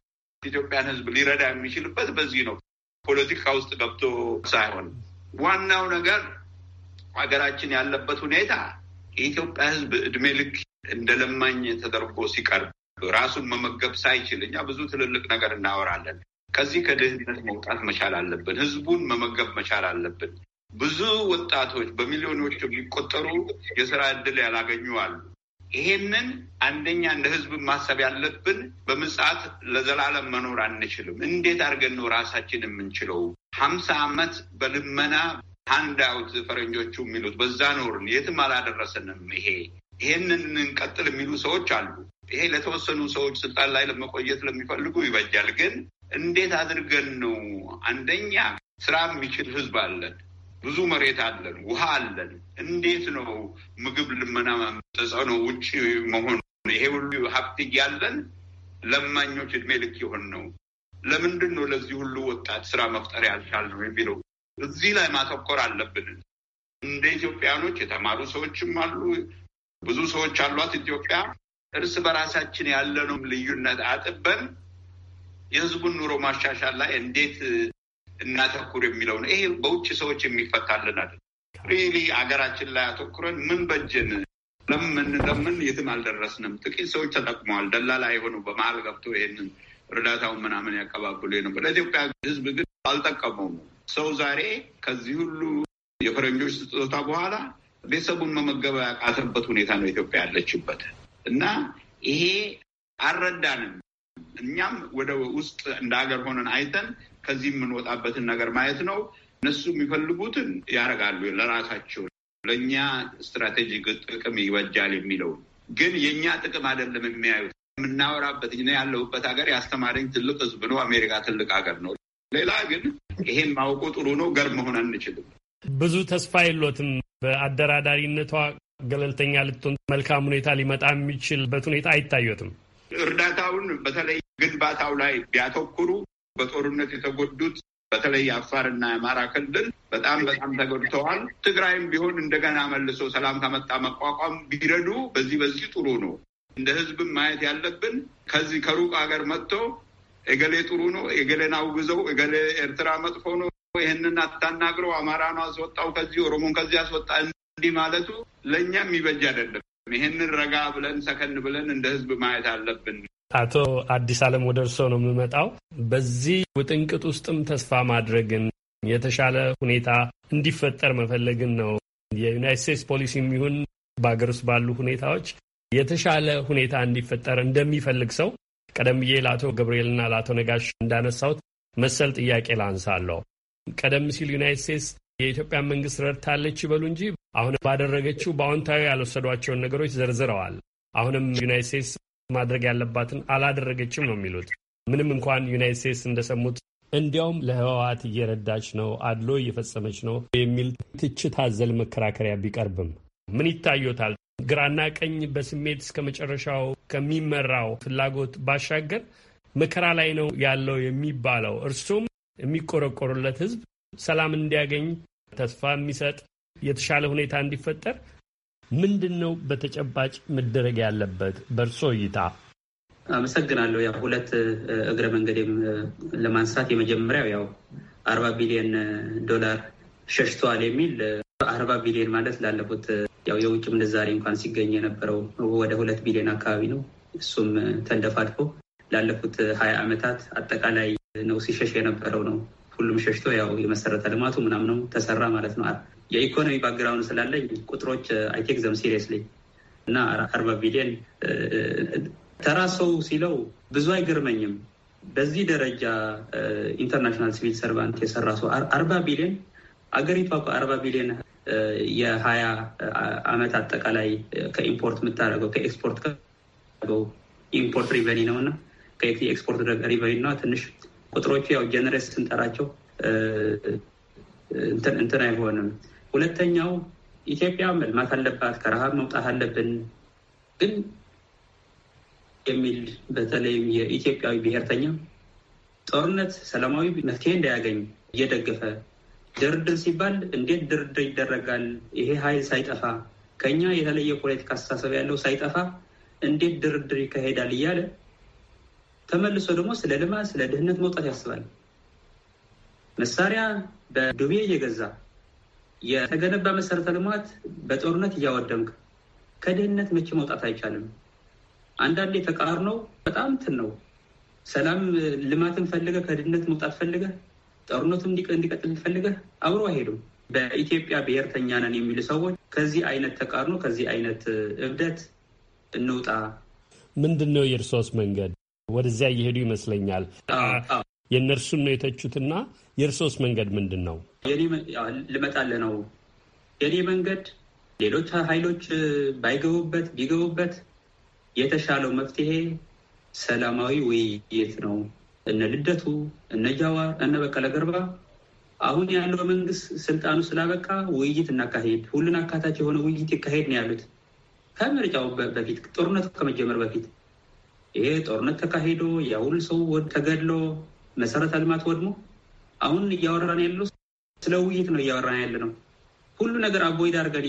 ኢትዮጵያን ሕዝብ ሊረዳ የሚችልበት በዚህ ነው። ፖለቲካ ውስጥ ገብቶ ሳይሆን ዋናው ነገር ሀገራችን ያለበት ሁኔታ የኢትዮጵያ ሕዝብ እድሜ ልክ እንደ ለማኝ ተደርጎ ሲቀርብ ራሱን መመገብ ሳይችል እኛ ብዙ ትልልቅ ነገር እናወራለን። ከዚህ ከድህነት መውጣት መቻል አለብን። ህዝቡን መመገብ መቻል አለብን። ብዙ ወጣቶች በሚሊዮኖች የሚቆጠሩ የስራ እድል ያላገኙ አሉ። ይሄንን አንደኛ እንደ ህዝብ ማሰብ ያለብን በምጽአት ለዘላለም መኖር አንችልም። እንዴት አድርገን ነው ራሳችን የምንችለው? ሀምሳ ዓመት በልመና ሃንድ አውት ፈረንጆቹ የሚሉት በዛ ኖርን፣ የትም አላደረሰንም። ይሄ ይሄንን እንቀጥል የሚሉ ሰዎች አሉ። ይሄ ለተወሰኑ ሰዎች ስልጣን ላይ ለመቆየት ለሚፈልጉ ይበጃል። ግን እንዴት አድርገን ነው አንደኛ ስራ የሚችል ህዝብ አለን ብዙ መሬት አለን፣ ውሃ አለን። እንዴት ነው ምግብ ልመና ተጽዕኖ ውጭ መሆኑ? ይሄ ሁሉ ሀብት ያለን ለማኞች እድሜ ልክ የሆን ነው። ለምንድን ነው ለዚህ ሁሉ ወጣት ስራ መፍጠር ነው የሚለው እዚህ ላይ ማተኮር አለብን። እንደ ኢትዮጵያኖች የተማሩ ሰዎችም አሉ፣ ብዙ ሰዎች አሏት ኢትዮጵያ። እርስ በራሳችን ያለነውም ልዩነት አጥበን የህዝቡን ኑሮ ማሻሻል ላይ እንዴት እናተኩር የሚለው ነው። ይሄ በውጭ ሰዎች የሚፈታልን አለ ሪሊ አገራችን ላይ አተኩረን ምን በጀን ለምን ለምን የትም አልደረስንም። ጥቂት ሰዎች ተጠቅመዋል። ደላላ የሆኑ በመሀል ገብቶ ይሄንን እርዳታውን ምናምን ያቀባብሉ ነው። ለኢትዮጵያ ሕዝብ ግን አልጠቀመውም። ሰው ዛሬ ከዚህ ሁሉ የፈረንጆች ስጦታ በኋላ ቤተሰቡን መመገብ ያቃተበት ሁኔታ ነው ኢትዮጵያ ያለችበት እና ይሄ አልረዳንም። እኛም ወደ ውስጥ እንደ ሀገር ሆነን አይተን ከዚህ የምንወጣበትን ነገር ማየት ነው። እነሱ የሚፈልጉትን ያደርጋሉ። ለራሳቸው ለእኛ ስትራቴጂ ጥቅም ይበጃል የሚለውን ግን የእኛ ጥቅም አይደለም የሚያዩት። የምናወራበት ያለሁበት ሀገር ያስተማረኝ ትልቅ ህዝብ ነው። አሜሪካ ትልቅ ሀገር ነው። ሌላ ግን ይሄን ማወቁ ጥሩ ነው። ገር መሆን አንችልም። ብዙ ተስፋ የሎትም። በአደራዳሪነቷ ገለልተኛ ልትሆን መልካም ሁኔታ ሊመጣ የሚችልበት ሁኔታ አይታዮትም። እርዳታውን በተለይ ግንባታው ላይ ቢያተኩሩ በጦርነት የተጎዱት በተለይ አፋርና የአማራ ክልል በጣም በጣም ተጎድተዋል። ትግራይም ቢሆን እንደገና መልሶ ሰላም ከመጣ መቋቋም ቢረዱ በዚህ በዚህ ጥሩ ነው። እንደ ህዝብም ማየት ያለብን ከዚህ ከሩቅ ሀገር መጥቶ እገሌ ጥሩ ነው፣ እገሌን አውግዘው፣ እገሌ ኤርትራ መጥፎ ነው፣ ይህንን አታናግረው፣ አማራ ነው አስወጣው፣ ከዚህ ኦሮሞን ከዚህ አስወጣ እንዲህ ማለቱ ለእኛ የሚበጅ አይደለም። ይህንን ረጋ ብለን ሰከን ብለን እንደ ህዝብ ማየት አለብን። አቶ አዲስ አለም ወደ እርስዎ ነው የምመጣው። በዚህ ውጥንቅጥ ውስጥም ተስፋ ማድረግን የተሻለ ሁኔታ እንዲፈጠር መፈለግን ነው የዩናይት ስቴትስ ፖሊሲ ይሁን በሀገር ውስጥ ባሉ ሁኔታዎች የተሻለ ሁኔታ እንዲፈጠር እንደሚፈልግ ሰው ቀደም ብዬ ለአቶ ገብርኤልና ለአቶ ነጋሽ እንዳነሳሁት መሰል ጥያቄ ላንሳለሁ። ቀደም ሲል ዩናይት ስቴትስ የኢትዮጵያ መንግስት ረድታለች ይበሉ እንጂ አሁን ባደረገችው በአዎንታዊ ያልወሰዷቸውን ነገሮች ዘርዝረዋል። አሁንም ዩናይት ስቴትስ ማድረግ ያለባትን አላደረገችም ነው የሚሉት። ምንም እንኳን ዩናይት ስቴትስ እንደሰሙት እንዲያውም ለህወሓት እየረዳች ነው፣ አድሎ እየፈጸመች ነው የሚል ትችት አዘል መከራከሪያ ቢቀርብም ምን ይታዩታል? ግራና ቀኝ በስሜት እስከ መጨረሻው ከሚመራው ፍላጎት ባሻገር መከራ ላይ ነው ያለው የሚባለው እርሱም የሚቆረቆሩለት ህዝብ ሰላም እንዲያገኝ ተስፋ የሚሰጥ የተሻለ ሁኔታ እንዲፈጠር ምንድን ነው በተጨባጭ መደረግ ያለበት በእርሶ እይታ? አመሰግናለሁ። ያው ሁለት እግረ መንገዴም ለማንሳት የመጀመሪያው ያው አርባ ቢሊዮን ዶላር ሸሽተዋል የሚል አርባ ቢሊዮን ማለት ላለፉት ያው የውጭ ምንዛሬ እንኳን ሲገኝ የነበረው ወደ ሁለት ቢሊዮን አካባቢ ነው። እሱም ተንደፋድፎ ላለፉት ሀያ ዓመታት አጠቃላይ ነው ሲሸሽ የነበረው ነው ሁሉም ሸሽቶ ያው የመሰረተ ልማቱ ምናምነው ተሰራ ማለት ነው። የኢኮኖሚ ባክግራውንድ ስላለኝ ቁጥሮች አይቴክ ዘም ሲሪየስሊ እና አርባ ቢሊየን ተራ ሰው ሲለው ብዙ አይገርመኝም። በዚህ ደረጃ ኢንተርናሽናል ሲቪል ሰርቫንት የሰራ ሰው አርባ ቢሊዮን አገሪቷ አርባ ቢሊየን የሀያ አመት አጠቃላይ ከኢምፖርት የምታደርገው ከኤክስፖርት ኢምፖርት ሪቨኒ ነው እና ከኤክስፖርት ሪቨኒ ነው ትንሽ ቁጥሮቹ ያው ጀነሬት ስንጠራቸው እንትን አይሆንም። ሁለተኛው ኢትዮጵያ መልማት አለባት፣ ከረሃብ መውጣት አለብን ግን የሚል በተለይም የኢትዮጵያዊ ብሔርተኛ ጦርነት ሰላማዊ መፍትሄ እንዳያገኝ እየደገፈ ድርድር ሲባል እንዴት ድርድር ይደረጋል? ይሄ ኃይል ሳይጠፋ ከኛ የተለየ ፖለቲካ አስተሳሰብ ያለው ሳይጠፋ እንዴት ድርድር ይካሄዳል? እያለ ተመልሶ ደግሞ ስለ ልማት፣ ስለ ድህነት መውጣት ያስባል። መሳሪያ በዱቤ እየገዛ የተገነባ መሰረተ ልማት በጦርነት እያወደምክ ከድህነት መቼ መውጣት አይቻልም። አንዳንዴ ተቃርኖ በጣም ትን ነው። ሰላም ልማትን ፈልገህ ከድህነት መውጣት ፈልገህ ጦርነቱም እንዲቀጥል ፈልገህ አብሮ አይሄዱም። በኢትዮጵያ ብሔርተኛ ነን የሚሉ ሰዎች ከዚህ አይነት ተቃርኖ ከዚህ አይነት እብደት እንውጣ። ምንድን ነው የእርሶስ መንገድ? ወደዚያ እየሄዱ ይመስለኛል። የእነርሱን ነው የተቹትና የእርሶስ መንገድ ምንድን ነው? ልመጣለ ነው የኔ መንገድ ሌሎች ኃይሎች ባይገቡበት ቢገቡበት የተሻለው መፍትሄ ሰላማዊ ውይይት ነው። እነ ልደቱ እነ ጃዋር እነ በቀለ ገርባ አሁን ያለው መንግስት ስልጣኑ ስላበቃ ውይይት እናካሄድ፣ ሁሉን አካታች የሆነ ውይይት ይካሄድ ነው ያሉት ከምርጫው በፊት ጦርነቱ ከመጀመር በፊት ይሄ ጦርነት ተካሂዶ የሁል ሰው ተገድሎ መሰረተ ልማት ወድሞ አሁን እያወራን ያለው ስለ ውይይት ነው እያወራን ያለ ነው። ሁሉ ነገር አቦይድ አድርገን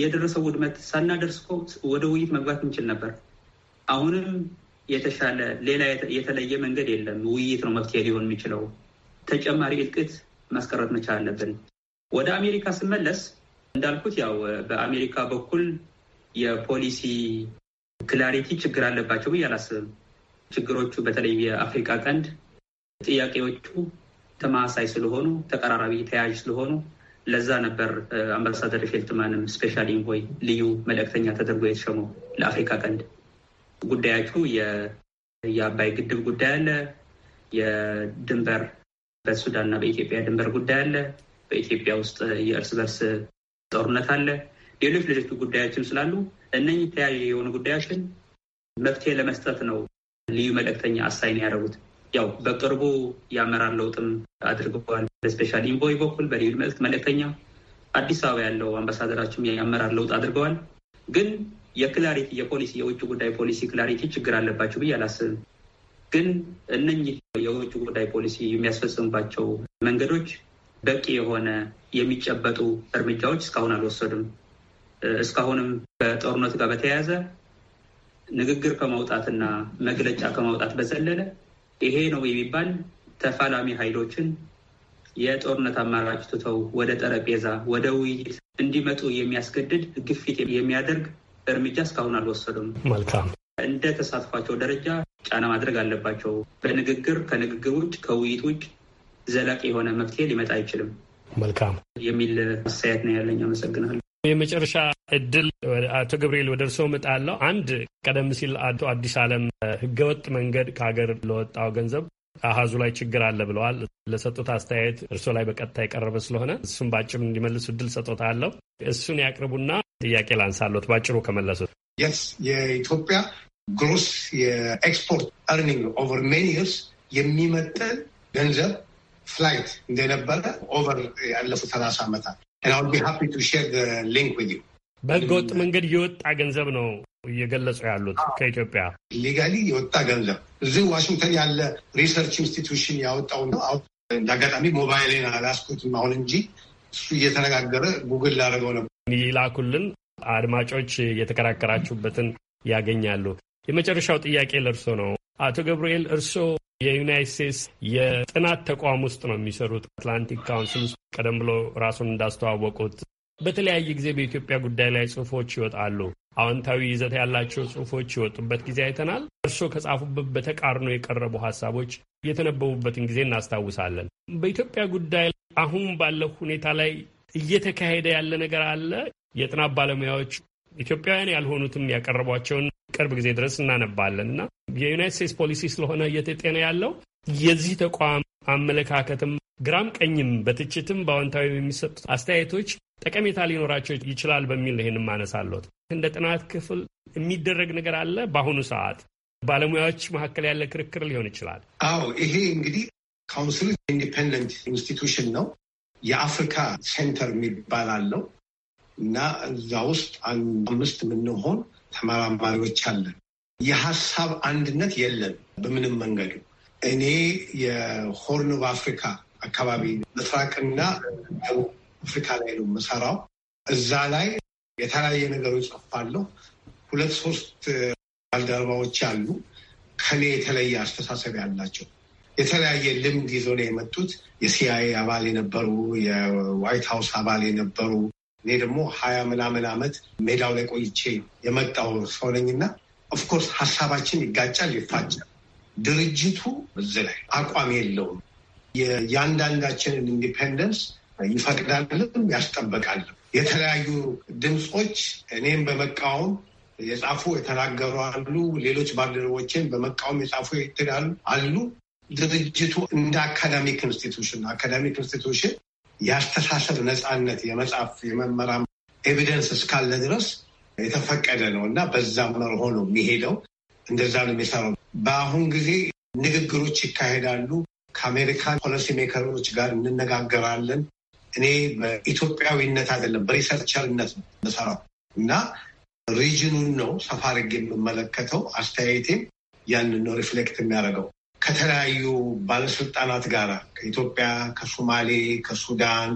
የደረሰው ውድመት ሳናደርስ እኮ ወደ ውይይት መግባት እንችል ነበር። አሁንም የተሻለ ሌላ የተለየ መንገድ የለም። ውይይት ነው መፍትሄ ሊሆን የሚችለው። ተጨማሪ እልቅት ማስቀረት መቻል አለብን። ወደ አሜሪካ ስመለስ እንዳልኩት ያው በአሜሪካ በኩል የፖሊሲ ክላሪቲ ችግር አለባቸው ብዬ አላስብም። ችግሮቹ በተለይ የአፍሪካ ቀንድ ጥያቄዎቹ ተማሳይ ስለሆኑ ተቀራራቢ፣ ተያያዥ ስለሆኑ ለዛ ነበር አምባሳደር ፌልትማንም ስፔሻል ኢንቮይ ልዩ መልእክተኛ ተደርጎ የተሸመው ለአፍሪካ ቀንድ። ጉዳያቹ የአባይ ግድብ ጉዳይ አለ፣ የድንበር በሱዳንና በኢትዮጵያ ድንበር ጉዳይ አለ፣ በኢትዮጵያ ውስጥ የእርስ በርስ ጦርነት አለ፣ ሌሎች ልጆቹ ጉዳዮችም ስላሉ እነኚህ ተያዩ የሆኑ ጉዳዮችን መፍትሄ ለመስጠት ነው ልዩ መልእክተኛ አሳይን ያደረጉት። ያው በቅርቡ የአመራር ለውጥም አድርገዋል። በስፔሻል ኢንቮይ በኩል በልዩ መልእክተኛ አዲስ አበባ ያለው አምባሳደራችን የአመራር ለውጥ አድርገዋል። ግን የክላሪቲ የፖሊሲ የውጭ ጉዳይ ፖሊሲ ክላሪቲ ችግር አለባቸው ብዬ አላስብም። ግን እነኚህ የውጭ ጉዳይ ፖሊሲ የሚያስፈጽሙባቸው መንገዶች በቂ የሆነ የሚጨበጡ እርምጃዎች እስካሁን አልወሰዱም። እስካሁንም ከጦርነት ጋር በተያያዘ ንግግር ከማውጣትና መግለጫ ከማውጣት በዘለለ ይሄ ነው የሚባል ተፋላሚ ኃይሎችን የጦርነት አማራጭ ትተው ወደ ጠረጴዛ፣ ወደ ውይይት እንዲመጡ የሚያስገድድ ግፊት የሚያደርግ እርምጃ እስካሁን አልወሰዱም። መልካም እንደ ተሳትፏቸው ደረጃ ጫና ማድረግ አለባቸው። በንግግር ከንግግር ውጭ ከውይይት ውጭ ዘላቂ የሆነ መፍትሄ ሊመጣ አይችልም። መልካም የሚል አስተያየት ነው ያለኝ። አመሰግናለሁ። የመጨረሻ እድል አቶ ገብርኤል ወደ እርስዎ እመጣለሁ። አንድ ቀደም ሲል አቶ አዲስ አለም ህገወጥ መንገድ ከሀገር ለወጣው ገንዘብ አሀዙ ላይ ችግር አለ ብለዋል። ለሰጡት አስተያየት እርስዎ ላይ በቀጥታ የቀረበ ስለሆነ እሱም በአጭሩ እንዲመልሱ እድል አለው። እሱን ያቅርቡና ጥያቄ አለት በአጭሩ ከመለሱት። የስ የኢትዮጵያ ግሮስ የኤክስፖርት ኤርኒንግ ኦቨር ሜኒ ይርስ የሚመጥን ገንዘብ ፍላይት እንደነበረ ኦቨር ያለፉት ሰላሳ ዓመታት በህገወጥ መንገድ የወጣ ገንዘብ ነው እየገለጹ ያሉት ከኢትዮጵያ ሊጋሊ የወጣ ገንዘብ። እዚህ ዋሽንግተን ያለ ሪሰርች ኢንስቲትዩሽን ያወጣው ነው። እንዳጋጣሚ ሞባይል አላስኩትም አሁን እንጂ እሱ እየተነጋገረ ጉግል ላደረገው ነበር። ይላኩልን አድማጮች የተከራከራችሁበትን ያገኛሉ። የመጨረሻው ጥያቄ ለእርሶ ነው አቶ ገብርኤል እርሶ የዩናይት ስቴትስ የጥናት ተቋም ውስጥ ነው የሚሰሩት፣ አትላንቲክ ካውንስል ውስጥ። ቀደም ብሎ ራሱን እንዳስተዋወቁት በተለያየ ጊዜ በኢትዮጵያ ጉዳይ ላይ ጽሁፎች ይወጣሉ። አዎንታዊ ይዘት ያላቸው ጽሁፎች ይወጡበት ጊዜ አይተናል። እርስዎ ከጻፉበት በተቃርኖ የቀረቡ ሀሳቦች የተነበቡበትን ጊዜ እናስታውሳለን። በኢትዮጵያ ጉዳይ አሁን ባለው ሁኔታ ላይ እየተካሄደ ያለ ነገር አለ። የጥናት ባለሙያዎች ኢትዮጵያውያን ያልሆኑትም ያቀረቧቸውን ቅርብ ጊዜ ድረስ እናነባለን እና የዩናይት ስቴትስ ፖሊሲ ስለሆነ እየተጤነ ያለው የዚህ ተቋም አመለካከትም ግራም ቀኝም በትችትም በአዎንታዊ የሚሰጡት አስተያየቶች ጠቀሜታ ሊኖራቸው ይችላል በሚል ይህን ማነሳለት እንደ ጥናት ክፍል የሚደረግ ነገር አለ። በአሁኑ ሰዓት ባለሙያዎች መካከል ያለ ክርክር ሊሆን ይችላል። አዎ ይሄ እንግዲህ ካውንስል ኢንዲፐንደንት ኢንስቲቱሽን ነው። የአፍሪካ ሴንተር የሚባል አለው። እና እዛ ውስጥ አምስት የምንሆን ተመራማሪዎች አለን። የሀሳብ አንድነት የለም በምንም መንገዱ። እኔ የሆርን ኦፍ አፍሪካ አካባቢ ምስራቅና ደቡብ አፍሪካ ላይ ነው የምሰራው። እዛ ላይ የተለያየ ነገሮች ጽፋለሁ። ሁለት ሶስት ባልደረባዎች አሉ ከኔ የተለየ አስተሳሰብ ያላቸው የተለያየ ልምድ ይዞ ነው የመጡት። የሲአይኤ አባል የነበሩ፣ የዋይት ሀውስ አባል የነበሩ እኔ ደግሞ ሀያ ምናምን ዓመት ሜዳው ላይ ቆይቼ የመጣው ሰው ነኝና ኦፍኮርስ ሀሳባችን ይጋጫል፣ ይፋጫል። ድርጅቱ እዚ ላይ አቋም የለውም። የእያንዳንዳችንን ኢንዲፔንደንስ ይፈቅዳልም ያስጠበቃልም። የተለያዩ ድምፆች እኔም በመቃወም የጻፉ የተናገሩ አሉ። ሌሎች ባልደረቦችን በመቃወም የጻፉ ይትዳሉ አሉ። ድርጅቱ እንደ አካዳሚክ ኢንስቲቱሽን አካዳሚክ ኢንስቲቱሽን የአስተሳሰብ ነፃነት የመጻፍ የመመራም ኤቪደንስ እስካለ ድረስ የተፈቀደ ነው እና በዛ መር ሆኖ የሚሄደው። እንደዛ ነው የሚሰራው። በአሁን ጊዜ ንግግሮች ይካሄዳሉ። ከአሜሪካን ፖሊሲ ሜከሮች ጋር እንነጋገራለን። እኔ በኢትዮጵያዊነት አይደለም በሪሰርቸርነት ነው እና ሪጅኑን ነው ሰፋ አድርጌ የምመለከተው። አስተያየቴም ያንን ነው ሪፍሌክት የሚያደርገው። ከተለያዩ ባለስልጣናት ጋር ከኢትዮጵያ፣ ከሶማሌ፣ ከሱዳን፣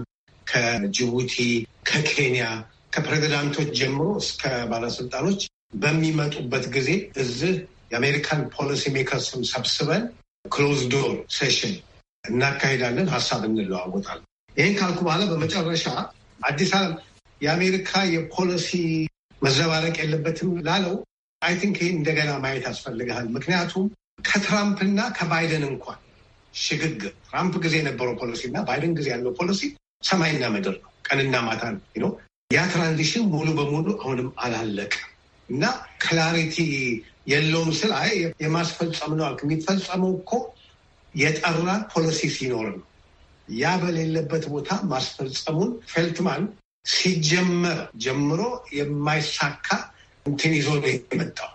ከጅቡቲ፣ ከኬንያ ከፕሬዚዳንቶች ጀምሮ እስከ ባለስልጣኖች በሚመጡበት ጊዜ እዚህ የአሜሪካን ፖሊሲ ሜከርስም ሰብስበን ክሎዝ ዶር ሴሽን እናካሄዳለን፣ ሀሳብ እንለዋወጣለን። ይህን ካልኩ በኋላ በመጨረሻ አዲስ አበባ የአሜሪካ የፖሊሲ መዘባረቅ የለበትም ላለው አይ ቲንክ ይህን እንደገና ማየት ያስፈልግሃል። ምክንያቱም ከትራምፕና ከባይደን እንኳን ሽግግር ትራምፕ ጊዜ የነበረው ፖሊሲ እና ባይደን ጊዜ ያለው ፖሊሲ ሰማይና ምድር ነው፣ ቀንና ማታ ነው። ያ ትራንዚሽን ሙሉ በሙሉ አሁንም አላለቀም እና ክላሪቲ የለውም ስል አይ የማስፈጸም ነው አልክ። የሚፈጸመው እኮ የጠራ ፖሊሲ ሲኖር ነው። ያ በሌለበት ቦታ ማስፈጸሙን ፌልትማን ሲጀመር ጀምሮ የማይሳካ እንትን ይዞ ነው የመጣው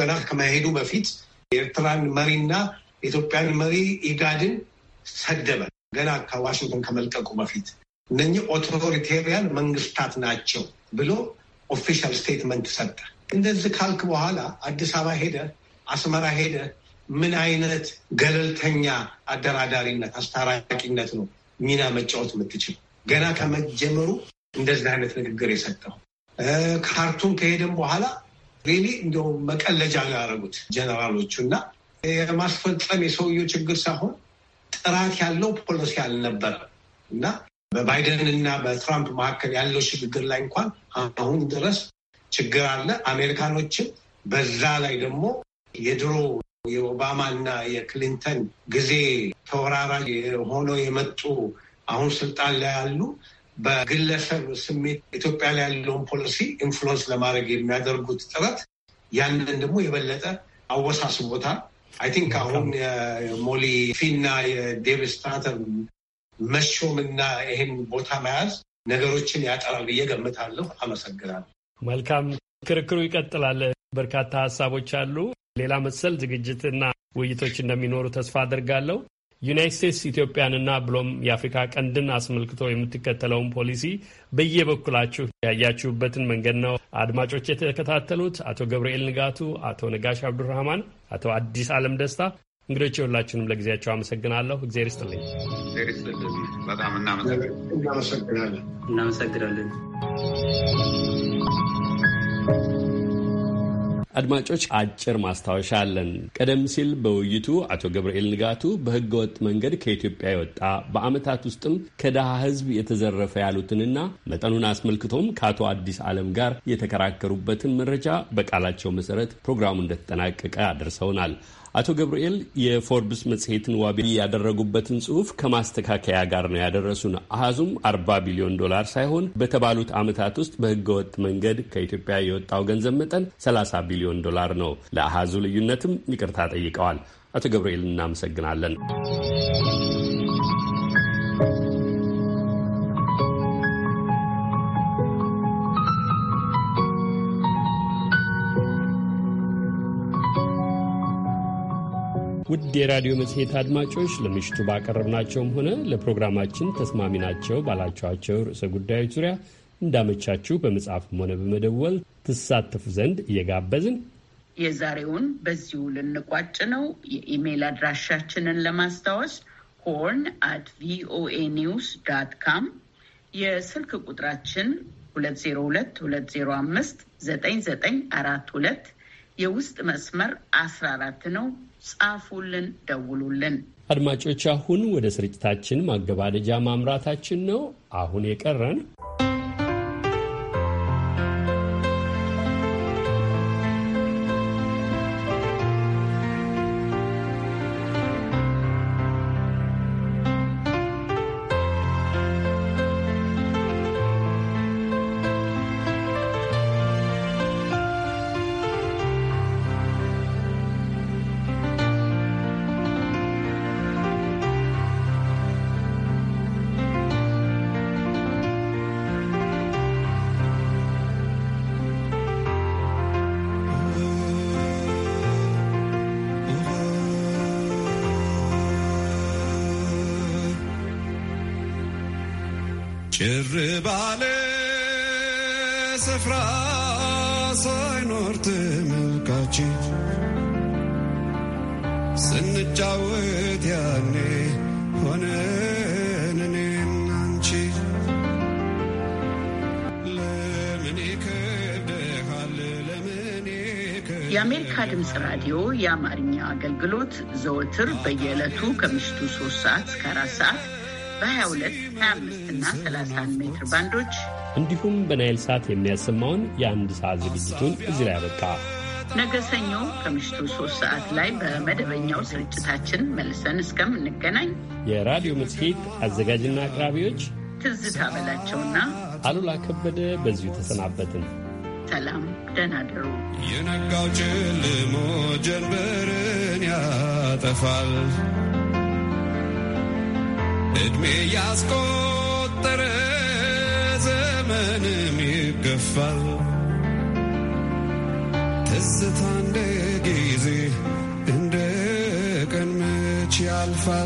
ገና ከመሄዱ በፊት የኤርትራን መሪና የኢትዮጵያን መሪ ኢጋድን ሰደበ። ገና ከዋሽንግተን ከመልቀቁ በፊት እነኚህ ኦቶሪቴሪያን መንግስታት ናቸው ብሎ ኦፊሻል ስቴትመንት ሰጠ። እንደዚህ ካልክ በኋላ አዲስ አበባ ሄደ፣ አስመራ ሄደ፣ ምን አይነት ገለልተኛ አደራዳሪነት አስታራቂነት ነው ሚና መጫወት የምትችል? ገና ከመጀመሩ እንደዚህ አይነት ንግግር የሰጠው ካርቱም ከሄደም በኋላ ሪሊ እንደው መቀለጃ ነው ያደረጉት ጀነራሎቹ እና የማስፈጸም የሰውየ ችግር ሳይሆን ጥራት ያለው ፖሊሲ አልነበረ እና በባይደን እና በትራምፕ መካከል ያለው ሽግግር ላይ እንኳን አሁን ድረስ ችግር አለ። አሜሪካኖችም በዛ ላይ ደግሞ የድሮ የኦባማ እና የክሊንተን ጊዜ ተወራራ ሆነው የመጡ አሁን ስልጣን ላይ ያሉ በግለሰብ ስሜት ኢትዮጵያ ላይ ያለውን ፖሊሲ ኢንፍሉወንስ ለማድረግ የሚያደርጉት ጥረት ያንን ደግሞ የበለጠ አወሳስቦታል። አይ ቲንክ አሁን የሞሊ ፊና የዴቪስ ታተር መሾምና ይህን ቦታ መያዝ ነገሮችን ያጠራል ብዬ ገምታለሁ። አመሰግናለሁ። መልካም ክርክሩ ይቀጥላል። በርካታ ሀሳቦች አሉ። ሌላ መሰል ዝግጅትና ውይይቶች እንደሚኖሩ ተስፋ አድርጋለሁ። ዩናይት ስቴትስ ኢትዮጵያንና ብሎም የአፍሪካ ቀንድን አስመልክቶ የምትከተለውን ፖሊሲ በየበኩላችሁ ያያችሁበትን መንገድ ነው አድማጮች የተከታተሉት። አቶ ገብርኤል ንጋቱ፣ አቶ ነጋሽ አብዱራህማን፣ አቶ አዲስ አለም ደስታ እንግዶች የሁላችሁንም ለጊዜያቸው አመሰግናለሁ። እግዜር ይስጥልኝ። በጣም እናመሰግናለን። እናመሰግናለን። አድማጮች አጭር ማስታወሻ አለን። ቀደም ሲል በውይይቱ አቶ ገብርኤል ንጋቱ በህገ ወጥ መንገድ ከኢትዮጵያ የወጣ በአመታት ውስጥም ከድሃ ህዝብ የተዘረፈ ያሉትንና መጠኑን አስመልክቶም ከአቶ አዲስ ዓለም ጋር የተከራከሩበትን መረጃ በቃላቸው መሰረት ፕሮግራሙ እንደተጠናቀቀ አድርሰውናል። አቶ ገብርኤል የፎርብስ መጽሔትን ዋቢ ያደረጉበትን ጽሁፍ ከማስተካከያ ጋር ነው ያደረሱን። አሃዙም 40 ቢሊዮን ዶላር ሳይሆን በተባሉት ዓመታት ውስጥ በህገወጥ መንገድ ከኢትዮጵያ የወጣው ገንዘብ መጠን 30 ቢሊዮን ዶላር ነው። ለአሃዙ ልዩነትም ይቅርታ ጠይቀዋል። አቶ ገብርኤል እናመሰግናለን። ውድ የራዲዮ መጽሔት አድማጮች ለምሽቱ ባቀረብናቸውም ሆነ ለፕሮግራማችን ተስማሚ ናቸው ባላቸኋቸው ርዕሰ ጉዳዮች ዙሪያ እንዳመቻችሁ በመጽሐፍ ሆነ በመደወል ትሳተፉ ዘንድ እየጋበዝን የዛሬውን በዚሁ ልንቋጭ ነው። የኢሜይል አድራሻችንን ለማስታወስ ሆርን አት ቪኦኤ ኒውስ ዳት ካም፣ የስልክ ቁጥራችን 2022059942 የውስጥ መስመር 14 ነው። ጻፉልን፣ ደውሉልን። አድማጮች አሁን ወደ ስርጭታችን ማገባደጃ ማምራታችን ነው። አሁን የቀረን ጭር ባለ ስፍራ ሳይኖር ትምካችን ስንጫወት ያኔ ሆነን እኔና አንቺ ለምን የአሜሪካ ድምፅ ራዲዮ የአማርኛ አገልግሎት ዘወትር በየዕለቱ ከምሽቱ ሶስት ሰዓት እስከ አራት ሰዓት በ22 25 እና 31 ሜትር ባንዶች እንዲሁም በናይል ሳት የሚያሰማውን የአንድ ሰዓት ዝግጅቱን እዚህ ላይ አበቃ። ነገ ሰኞ ከምሽቱ ሶስት ሰዓት ላይ በመደበኛው ስርጭታችን መልሰን እስከምንገናኝ የራዲዮ መጽሔት አዘጋጅና አቅራቢዎች ትዝታ በላቸውና አሉላ ከበደ በዚሁ ተሰናበትን። ሰላም፣ ደህና ደሩ። የነጋው ጨልሞ ጀንበርን ያጠፋል። እድሜ ያስቆጠረ ዘመንም ይገፋል። ትዝታ እንደ ጊዜ እንደ ቀን መች ያልፋል።